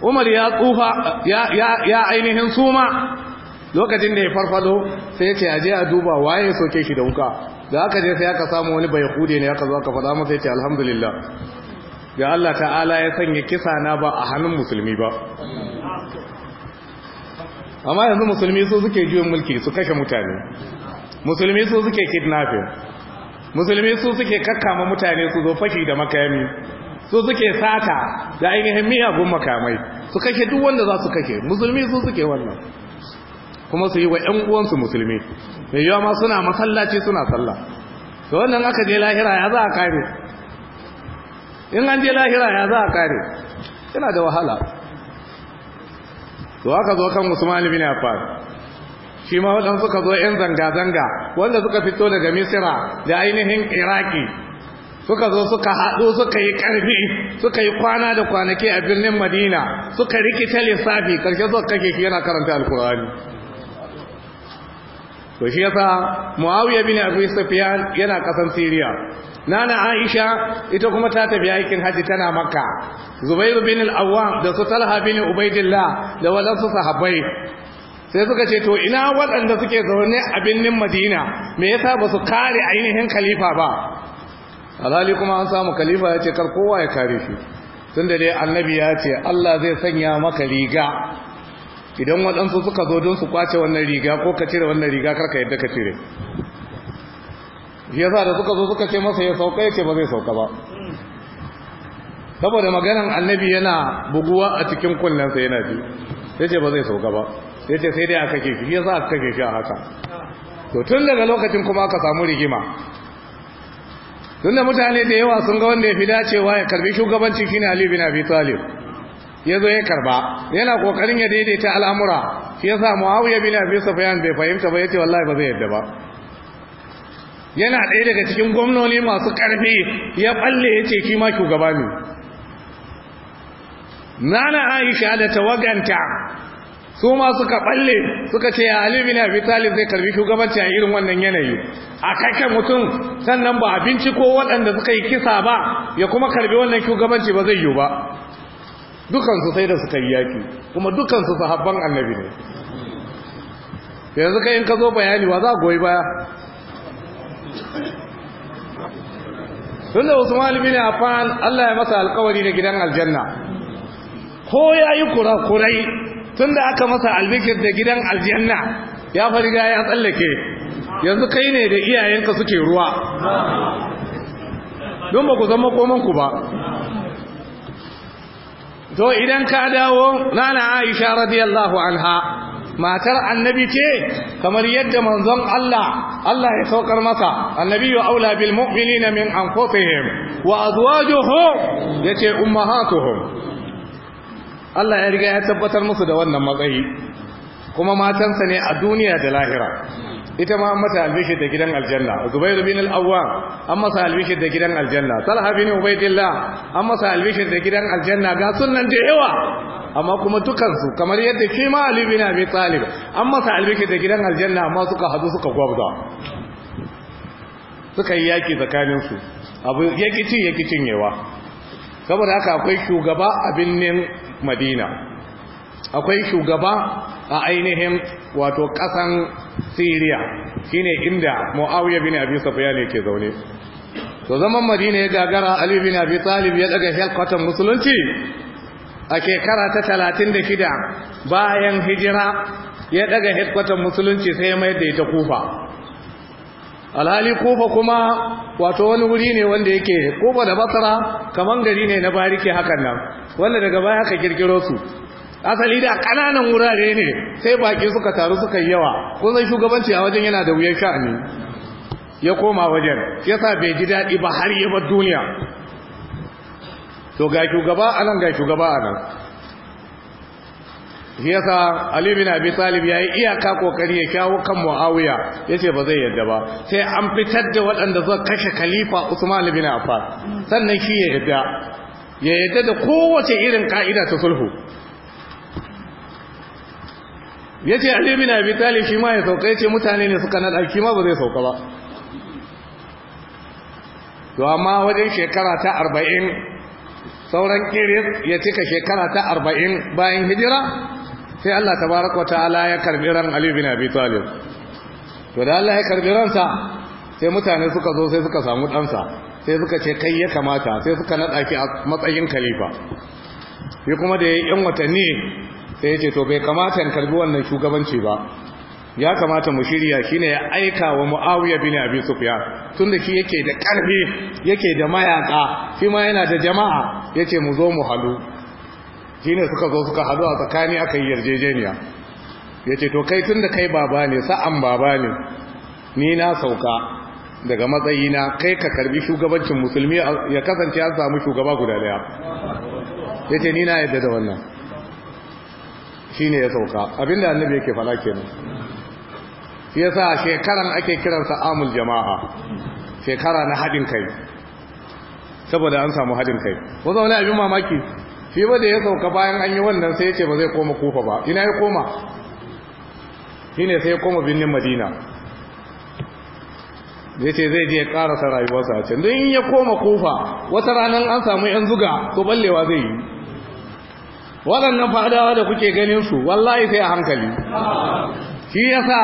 umar ya tsufa ya ainihin suma lokacin da ya farfado sai ce aje a duba waye soke shi da wuka da aka je sai aka samu wani bai hude ne aka zo aka faɗa masa ya ce alhamdulillah ga Allah ta'ala ya sanya kisa na ba a hannun musulmi ba amma yanzu musulmi su suke juyin mulki su kashe mutane musulmi su suke kidnapping musulmi su suke kakkama mutane su zo fashi da makami su suke sata da ainihin miyagun makamai su kake duk wanda za su kake musulmi su suke wannan kuma su yi wa 'yan uwansu musulmi mai yawa ma suna masallaci suna sallah da wannan aka je lahira ya za a kare in an je lahira ya za a kare yana da wahala to aka zo kan usman ya faru shi ma waɗansu ka zo 'yan zanga-zanga wanda suka fito daga misira da ainihin iraki suka zo suka haɗu suka yi ƙarfi suka yi kwana da kwanaki a birnin madina suka rikita lissafi ƙarshe suka kake shi yana karanta alkur'ani to shi yasa muawiya bin abu sufyan yana ƙasan siriya nana aisha ita kuma ta tafi aikin hajji tana makka zubairu bin al-awwam da su talha bin ubaidillah da walansu sahabbai sai suka ce to ina waɗanda suke zaune a birnin madina me yasa ba su kare ainihin khalifa ba alhali kuma an samu khalifa ya ce kar kowa ya kare shi tunda dai annabi ya ce Allah zai sanya maka riga idan waɗansu suka zo don su kwace wannan riga ko ka cire wannan riga karka yadda ka cire yasa da suka zo suka ce masa ya sauka ce ba zai sauka ba saboda maganan annabi yana buguwa a cikin kullansa yana ji ce ba zai sauka ba ce sai dai aka kike yasa aka kike shi haka to tun daga lokacin kuma aka samu rigima tunda mutane da yawa sun ga wanda ya fi dacewa ya karbi shugabanci shine Ali bin Abi Talib ya zo ya karba yana kokarin ya daidaita al'amura shi yasa Muawiya bin Abi Sufyan bai fahimta ba yace wallahi ba zai yadda ba yana ɗaya daga cikin gwamnoni masu ƙarfi ya balle yace shi ma shugaba ne Nana Aisha da tawaganta su ma suka balle suka ce ya Ali bin Abi Talib zai karbi shugabanci a irin wannan yanayi a kai kan mutum sannan ba abinci ko waɗanda suka yi kisa ba ya kuma karbi wannan shugabanci ba zai yi ba dukansu sai da suka yi yaki kuma dukansu sahabban annabi ne yanzu kai in ka zo bayani wa za a goyi baya tunda Usman bin Affan Allah ya masa alƙawari na gidan aljanna ko yayi kurakurai tun da aka masa albikir da gidan aljanna ya fariga ya tsallake yanzu kai ne da iyayenka suke ruwa don ba ku zama komanku ba to idan ka dawo nana aisha radiyallahu anha matar annabi ce kamar yadda manzon Allah Allah ya saukar masa annabi ya aula bil mu'minina min anfusihim wa azwajuhum yace ummahatuhum Allah ya riga ya tabbatar musu da wannan matsayi kuma matansa ne a duniya da lahira ita ma mata albishir da gidan aljanna zubair bin al-awwam an masa albishir da gidan aljanna talha bin ubaidillah an masa albishir da gidan aljanna ga sunan da yawa amma kuma dukansu kamar yadda ke ma ali bin abi talib an masa albishir da gidan aljanna amma suka hadu suka gwabza suka yi yaki tsakanin su abu yaki cin yaki cinyewa saboda haka akwai shugaba abin binnin madina akwai shugaba a ainihin wato kasan siriya shine inda muawiya bin abi ne ke zaune to zaman madina ya gagara ali bin abi talib ya daga helkwatan musulunci a shekara ta talatin da shida bayan hijira ya daga helkwatan musulunci sai ya mayar da ita kufa alhali kofa kuma wato wani wuri ne wanda yake kofa da basara kaman gari ne na barike hakan nan wanda daga baya aka kirkiro su asali da kananan wurare ne sai baki suka taru suka yi yawa kun san shugabanci a wajen yana da wuyan sha'ani ya koma wajen yasa bai ji daɗi ba har ya ba duniya to ga shugaba anan ga shugaba anan shi yasa Ali bin Abi Talib yayi iyaka kokari ya kawo kan Muawiya yace ba zai yadda ba sai an fitar da waɗanda zai kashe khalifa Usman bin Affan sannan shi ya yadda ya yadda da kowace irin ka'ida ta sulhu yace Ali bin Abi Talib shi ma ya sauka yace mutane ne suka nada shi ma ba zai sauka ba to amma wajen shekara ta arba'in sauran kiris ya cika shekara ta arba'in bayan hijira sai Allah tabaraka wa ta'ala ya karbi ran Ali bin Abi Talib to da Allah ya karbi ransa sai mutane suka zo sai suka samu ɗansa sai suka ce kai ya kamata sai suka naɗa ki a matsayin khalifa yi kuma da yan watanni sai ya ce to bai kamata in karbi wannan shugabanci ba ya kamata mu shirya shine ya aika wa Muawiya bin Abi Sufyan tunda shi yake da karfi yake da mayaka shi ma yana da jama'a yace mu zo mu halu shi ne suka zo suka hadu a tsakani aka yi yarjejeniya ya ce to kai tun da kai baba ne sa'an baba ne ni na sauka daga matsayina kai ka karbi shugabancin musulmi ya kasance an samu shugaba guda daya ya ce ni na yadda da wannan shi ne ya sauka abinda annabi yake fara kenan shi ya sa shekaran ake kiransa amul jama'a shekara na haɗin kai saboda an samu haɗin kai wasu wani abin mamaki shi ba da ya sauka bayan an yi wannan sai ya ce ba zai koma kufa ba ina ya koma shi ne sai ya koma birnin madina ya ce zai je ya karasa rayuwarsa a can don in ya koma kufa wata ranar an samu yan zuga to ballewa zai yi waɗannan fadawa da kuke ganin su wallahi sai a hankali shi yasa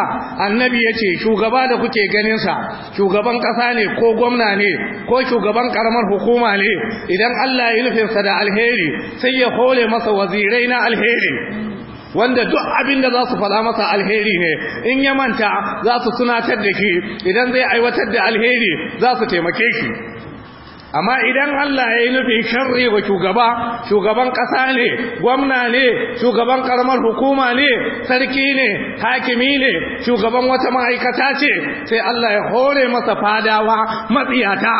annabi yace shugaba da kuke ganin sa shugaban kasa ne ko gwamna ne ko shugaban karamar hukuma ne idan Allah ya nufin sa da alheri sai ya hole masa wazirai na alheri wanda duk abin da za su faɗa masa alheri ne in ya manta za su tunatar da shi idan zai aiwatar da alheri za su taimake shi amma idan Allah ya yi nufin sharri wa shugaba shugaban ƙasa ne gwamna ne shugaban karamar hukuma ne sarki ne hakimi ne shugaban wata ma'aikata ce sai Allah ya hore masa fadawa matsiyata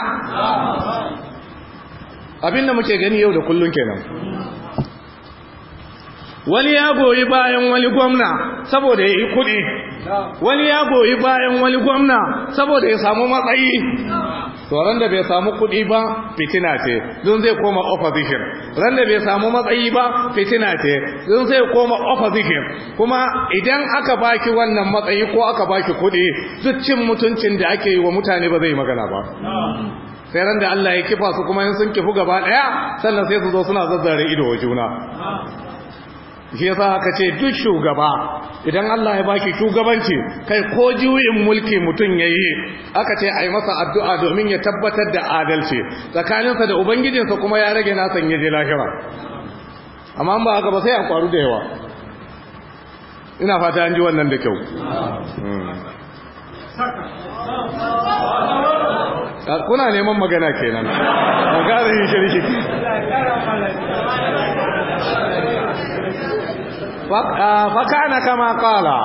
abinda muke gani yau da kullum kenan wani ya goyi bayan wani gwamna saboda ya yi kuɗi wani ya goyi bayan wani gwamna saboda ya samu matsayi tsoron da bai samu kuɗi ba fitina ce don zai koma opposition ran da bai samu matsayi ba fitina ce don zai koma opposition kuma idan aka baki wannan matsayi ko aka baki kuɗi zuccin mutuncin da ake yi wa mutane ba zai magana ba sai randa Allah ya kifa su kuma in sun kifu gaba daya sannan sai su zo suna zazzare ido wa juna shi yasa aka ce duk shugaba idan Allah ya baki shugabanci kai ko juyin mulki mutum yayi aka ce ai masa addu'a domin ya tabbatar da adalci tsakaninsa da ubangijinsa kuma ya rage nasan yaje lahira amma ba haka ba sai a kwaru da yawa ina fata an ji wannan da kyau hmm. kuna neman magana kenan magana yin shirki fakana ah, kama kala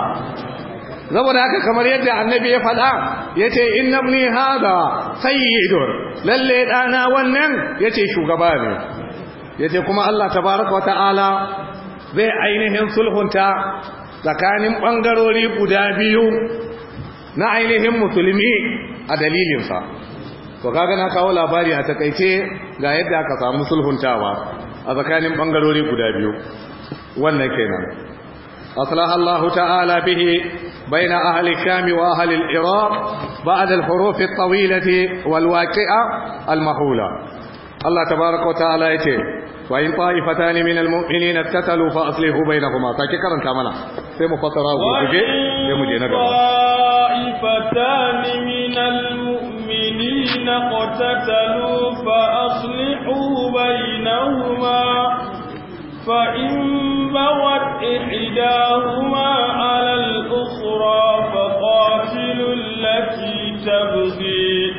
saboda haka kamar yadda annabi ya faɗa ya ce inna ibni hada sayyidun lalle ɗana wannan ya ce shugaba ne ya ce kuma Allah tabaraka wa ta'ala zai ainihin sulhunta tsakanin ɓangarori guda biyu na ainihin musulmi a dalilinsa to kaga na kawo labari a takaice ga yadda aka samu sulhuntawa a tsakanin ɓangarori guda biyu wannan kenan aslaha Allah ta'ala bihi baina ahli sham wa ahli al-iraq ba'd al-huruf at-tawilati wal-waqi'a al-mahula Allah tabaaraka wa ta'ala yace wa in ta'ifatan min al-mu'minina ittatalu fa aslihu bainahuma ta ke karanta mana sai mu fassara ku kuje sai mu je na gaba ta'ifatan min al-mu'minina ittatalu fa aslihu bainahuma فإن بغت إحداهما على الأخرى فقاتلوا التي تبغي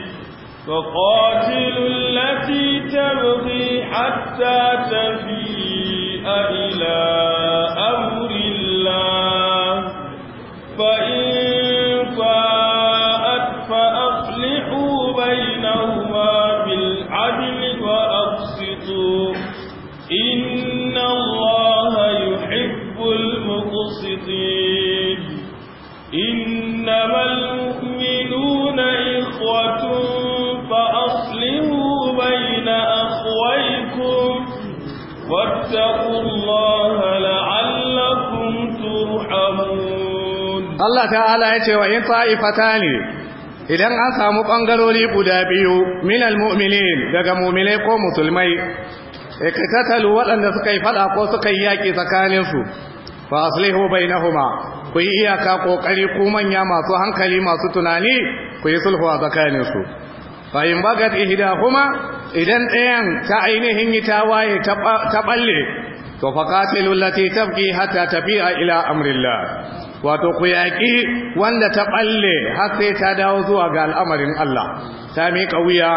فقاتلوا التي تبغي حتى تفيء إلى أمر الله فإن واتقوا الله لعلكم ترحمون الله تعالى يتي وإن طائفتان idan an samu ɓangarori guda biyu minal mu'minin daga mu'minai ko musulmai ikitatalu waɗanda suka yi faɗa ko suka yi yaƙi tsakaninsu fa bai nahu ku kuyi iyaka ƙoƙari ko manya masu hankali masu tunani kuyi sulhu a tsakaninsu fa in bagat kuma idan ɗayan ta ainihin yi tawaye ta ɓalle, to faqatilu allati tabqi hatta tafi'a ila amrillah wato ku yaki wanda ta balle har sai ta dawo zuwa ga al'amarin Allah ta miƙa wuya,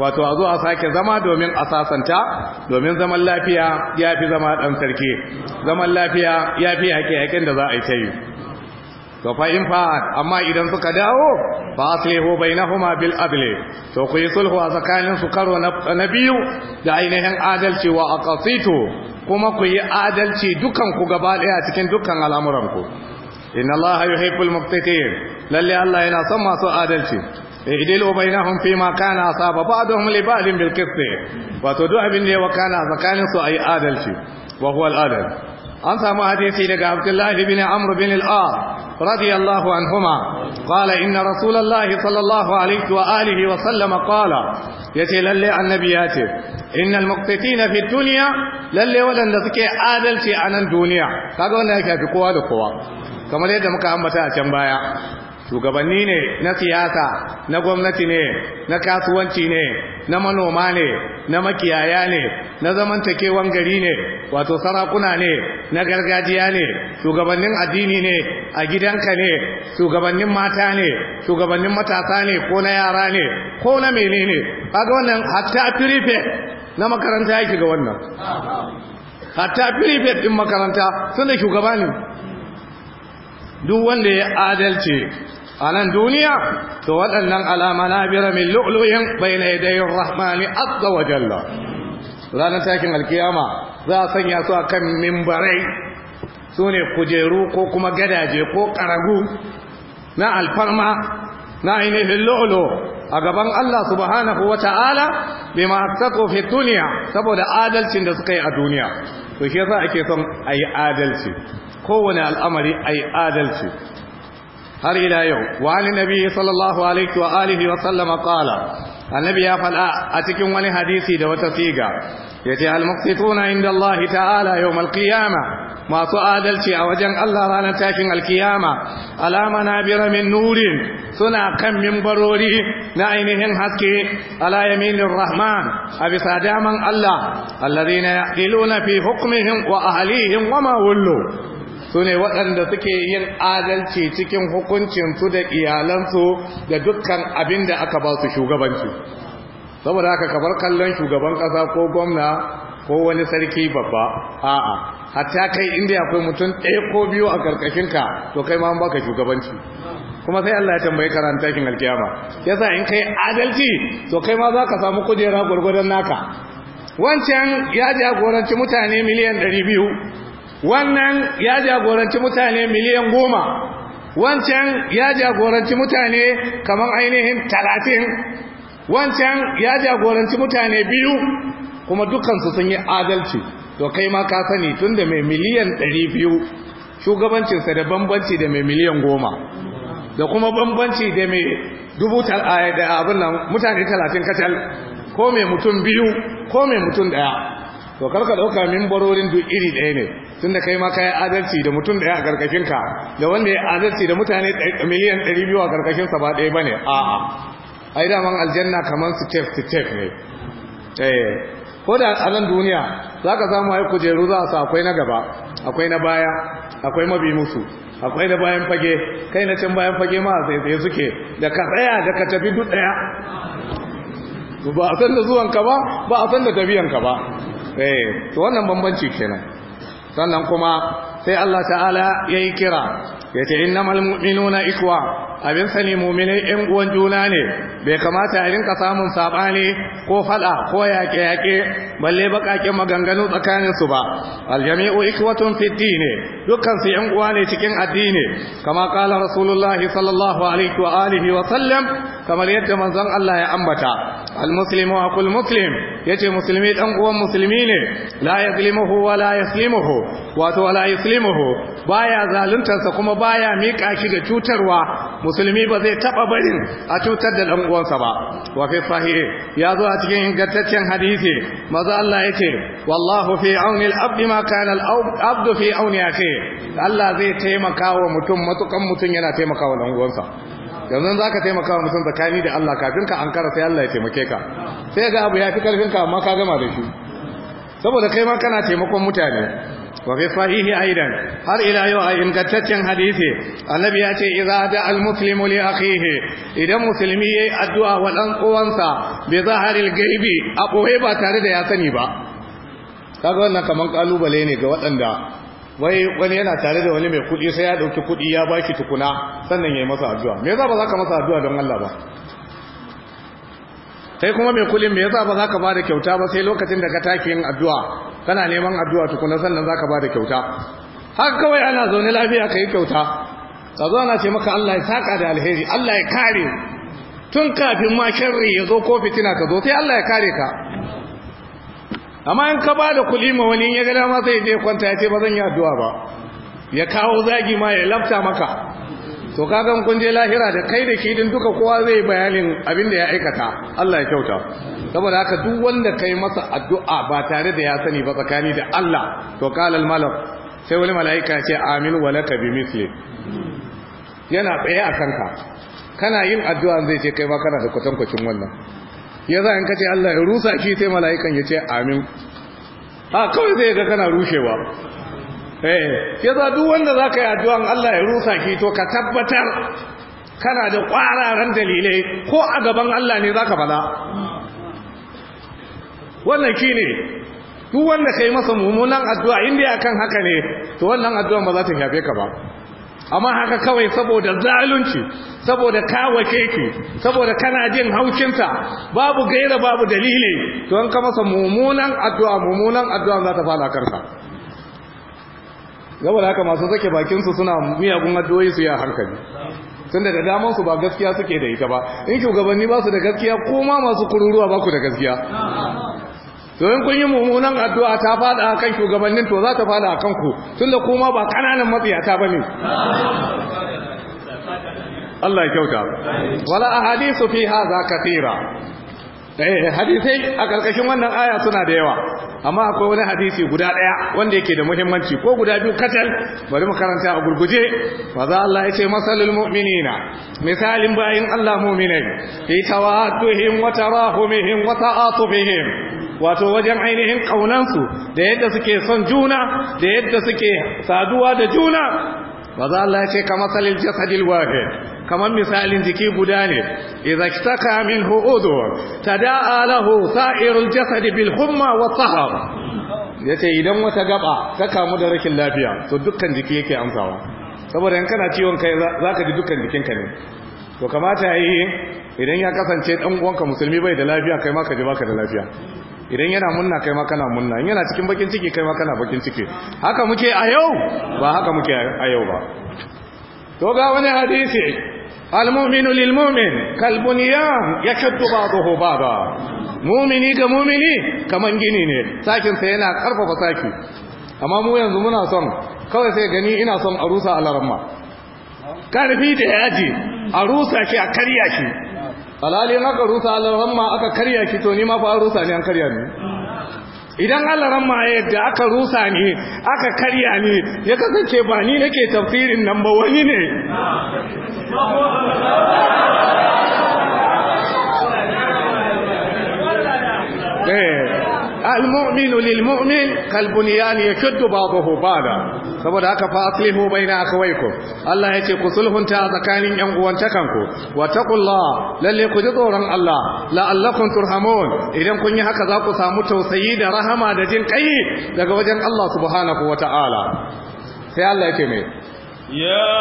wato a zuwa sake zama domin sasanta, domin zaman lafiya yafi zama ɗan sarki zaman lafiya yafi yaƙe haƙen da za a yi ta yi to fa in fa'at amma idan suka dawo fa aslihu bainahuma bil adli to ku sulhu a tsakanin su karo na biyu da ainihin adalci wa aqsitu kuma ku yi adalci dukan ku gaba daya cikin dukkan al'amuran ku inna allaha yuhibbul muqtitin lalle allah yana son masu adalci idilu bainahum fi ma kana asaba ba'dahum li ba'din bil qist wato duk abin da ya wakana tsakanin su ayi adalci wa huwa al adl an samu hadisi daga abdullahi bin amr bin al-as radiyallahu anhuma qala inna rasulallahi sallallahu alaihi wa alihi wa sallama qala yace lalle annabi yace innal muqtitina fi dunya lalle waɗanda suke adalci a nan duniya kaga wannan yake fi kowa da kowa kamar yadda muka ambata a can baya shugabanni ne na siyasa na gwamnati ne na kasuwanci ne na manoma ne na makiyaya ne na zamantakewan gari ne wato sarakuna ne na gargajiya ne shugabannin addini ne a gidanka ne shugabannin mata ne shugabannin matasa ne ko na yara ne ko na menene kaga wannan hatta firife na makaranta yake ga wannan hatta firife din makaranta sun da shugaba ne duk wanda ya adalce a nan duniya to waɗannan alama na bira min lu'lu'in bai na idayin rahmani azza wa jalla ranar takin alkiyama za a sanya su a kan mimbarai su ne kujeru ko kuma gadaje ko ƙaragu na alfarma na ainihin lu'ulu a gaban Allah subhanahu wa ta'ala bai mahassako fi duniya saboda adalcin da suka yi a duniya to shi yasa ake son a yi adalci kowane al'amari a yi adalci har ila yau wani an nabi sallallahu alaihi wa alihi wa sallama qala annabi ya fada a cikin wani hadisi da wata siga yace al muqsituna inda Allah ta'ala yawm al qiyama masu adalci a wajen Allah ranar tashin alkiyama alama na bira min nurin suna kan mimbarori na ainihin haske ala yaminin rahman a bisa daman Allah allazina yaqiluna fi hukmihim wa ahlihim wa ma su ne waɗanda suke yin adalci cikin hukuncinsu da iyalansu da dukkan abin da aka ba su shugabanci saboda haka kamar kallon shugaban ƙasa ko gwamna ko wani sarki babba a'a hatta kai inda akwai mutum ɗaya ko biyu a ka to kai ma baka shugabanci kuma sai Allah ya tambayi karanta takin alkiyama yasa in kai adalci to kai ma za ka samu kujera gwargwadon naka wancan ya jagoranci mutane miliyan ɗari biyu wannan ya jagoranci mutane miliyan goma wancan ya jagoranci mutane kamar ainihin talatin wancan ya jagoranci mutane biyu kuma dukansu sun yi adalci to kai ma ka sani tun da mai miliyan ɗari biyu shugabancinsa da bambanci da mai miliyan goma da kuma bambanci da mai dubu abin nan mutane talatin kacal ko mai mutum biyu ko mai mutum ɗaya to karka ɗauka barorin duk iri ɗaya ne tunda kai ma kai adalci da mutum daya a karkashin ka da wanda ya adalci da mutane miliyan 200 a karkashin sa ba daya bane a'a ai da man aljanna kaman step step ne eh ko da a nan duniya zaka samu ai kujeru za su akwai na gaba akwai na baya akwai mabi musu akwai na bayan fage kai na can bayan fage ma sai sai suke da ka tsaya da ka tafi duk daya ba a san da zuwanka ba ba a san da tafiyanka ba eh to wannan bambanci kenan sannan kuma sai Allah ta'ala ya yi kira ya ce innamal mu'minuna ikwa abin sani mu'minai yan uwan juna ne bai kamata a rinka samun saɓani ko faɗa ko yaƙe-yaƙe balle baƙaƙen maganganu tsakanin su ba aljami'u ikwatun fiddi ne dukansu yan uwa ne cikin addini kama kala rasulullahi sallallahu alaihi wa alihi wa sallam kamar yadda manzon Allah ya ambata al muslimu aqul muslim yace musulmi dan uwan musulmi ne la yazlimuhu wa la yaslimuhu wato la yaslimuhu baya zaluntarsa kuma baya mika shi da cutarwa musulmi ba zai taba barin a cutar da dan uwansa ba wa fi sahihi ya zo a cikin ingantaccen hadisi maza Allah yace wallahu fi auni al-abd ma kana al-abd fi auni akhi Allah zai taimaka wa mutum matukan mutum yana taimaka wa dan uwansa yanzu za ka taimaka wa mutum tsakani da Allah kafin ka an karasa Allah ya taimake ka sai ga abu ya fi karfin ka amma ka gama da shi saboda kai ma kana taimakon mutane wa fi sahihi aidan har ila yau a ingantaccen hadisi annabi ya ce idza da al muslimu li akhihi idan musulmi yayi addu'a wa dan uwansa bi zaharil gaibi a koyi ba tare da ya sani ba kaga wannan kaman kalubale ne ga waɗanda wai wani yana tare da wani mai kuɗi sai ya dauki kuɗi ya baki tukuna sannan ya yi masa addu'a me yasa ba za ka masa addu'a don Allah ba Sai kuma mai kulin me yasa ba za ka ba da kyauta ba sai lokacin da ka take yin addu'a kana neman addu'a tukuna sannan za ka ba da kyauta haka kawai ana zaune lafiya ka yi kyauta ka zo ana ce maka Allah ya saka da alheri Allah ya kare tun kafin ma sharri ya zo ko fitina ka zo sai Allah ya kare ka amma in ka ba da kuɗi ma wani ya ga dama zai je kwanta ya ce ba zan yi addu'a ba ya kawo zagi ma ya lafta maka to kaga kun je lahira da kai da shi din duka kowa zai bayanin abin da ya aikata Allah ya kyauta saboda haka duk wanda kai masa addu'a ba tare da ya sani ba tsakani da Allah to qala al malak sai wani malaika ya ce amin laka bi misli yana tsaye a kanka kana yin addu'a zai ce kai ma kana da kwatankwacin wannan ya za in kace Allah ya rusa shi sai mala'ikan ya ce amin a kawai zai ga kana rushewa eh ya za duk wanda za ka yi addu'an Allah ya rusa shi to ka tabbatar kana da ƙwararren dalilai ko a gaban Allah ne za ka fada wannan ki ne duk wanda ka yi masa mummunan addu'a inda akan haka ne to wannan addu'an ba za ta shafe ka ba amma haka kawai saboda zalunci saboda kawace ki saboda kana jin haushinta babu gaira babu dalili to an ka masa mummunan addu'a mummunan addu'a za ta fara karka gaba haka masu sake su suna miyagun addu'o'i su ya hankali tun da daman su ba gaskiya suke da ita ba in shugabanni ba su da gaskiya ko ma masu kururuwa ba ku da gaskiya domin kun yi mummunan addu'a ta fada kan shugabannin to za ta fada kan ku tunda kuma ba kananan matsiyata bane Allah ya kyauta wala hadisu fi hadha kathira eh hadisai a karkashin wannan aya suna da yawa amma akwai wani hadisi guda ɗaya wanda yake da muhimmanci ko guda biyu kacal. bari makaranta karanta a gurguje za Allah ya ce masalul mu'minina misalin bayin Allah mu'minai fi rahu wa tarahumihim wa ta'atufihim wato wajen ainihin ƙaunansu da yadda suke son juna da yadda suke saduwa da juna za Allah ya ce ka salil jasadil wahe kamar misalin jiki guda ne min kitaka minhu ta da'a lahu sa'irul jasadi bil humma wa sahar ce idan wata gaba ta kamu da rikin lafiya to dukkan jiki yake amsawa saboda in kana ciwon kai za ka ji dukkan jikinka ne to kamata yi idan ya kasance dan uwanka musulmi bai da lafiya kai ma ka ji baka da lafiya idan yana munna kai ma kana munna in yana cikin bakin ciki kai ma kana bakin ciki haka muke a yau ba haka muke a yau ba to ga wani hadisi lil-mu'min kal-bunyan yakaddu ba'dahu ba'da mu'mini ga mu'mini kaman gini ne sakin sa yana karfafa saki amma mu yanzu muna son kawai sai gani ina son a rusa alaramma karfi da yaji a rusa ki a karya shi. alhalin aka rusa alaramma aka karya ki to ni ma fa rusa ne an karya ne idan alaramma ya yadda aka rusa ni, aka karya ni, ya kasance ba ni nake tafsirin nan ba wani ne المؤمن للمؤمن كالبنيان يشد بعضه بعضا saboda haka fa aslihu baina akhawaykum Allah yace ku sulhunta tsakanin yan uwantakanku wattaqullah lalle ku ji tsoron Allah la'allakum turhamun idan kun yi haka za ku samu tausayi da rahama da jin kai daga wajen Allah subhanahu wata'ala sai Allah yake mai ya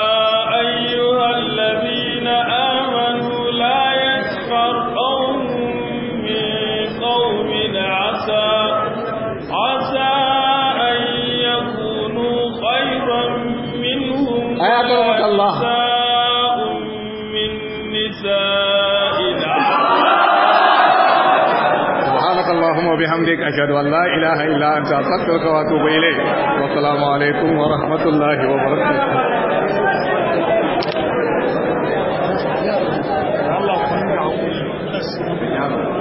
ayyuhallazina amanu la yasfar عند الله من سبحانك اللهم وبحمدك أشهد أن لا إله إلا أنت أستغفرك وأتوب إليك والسلام عليكم ورحمة الله وبركاته Yeah.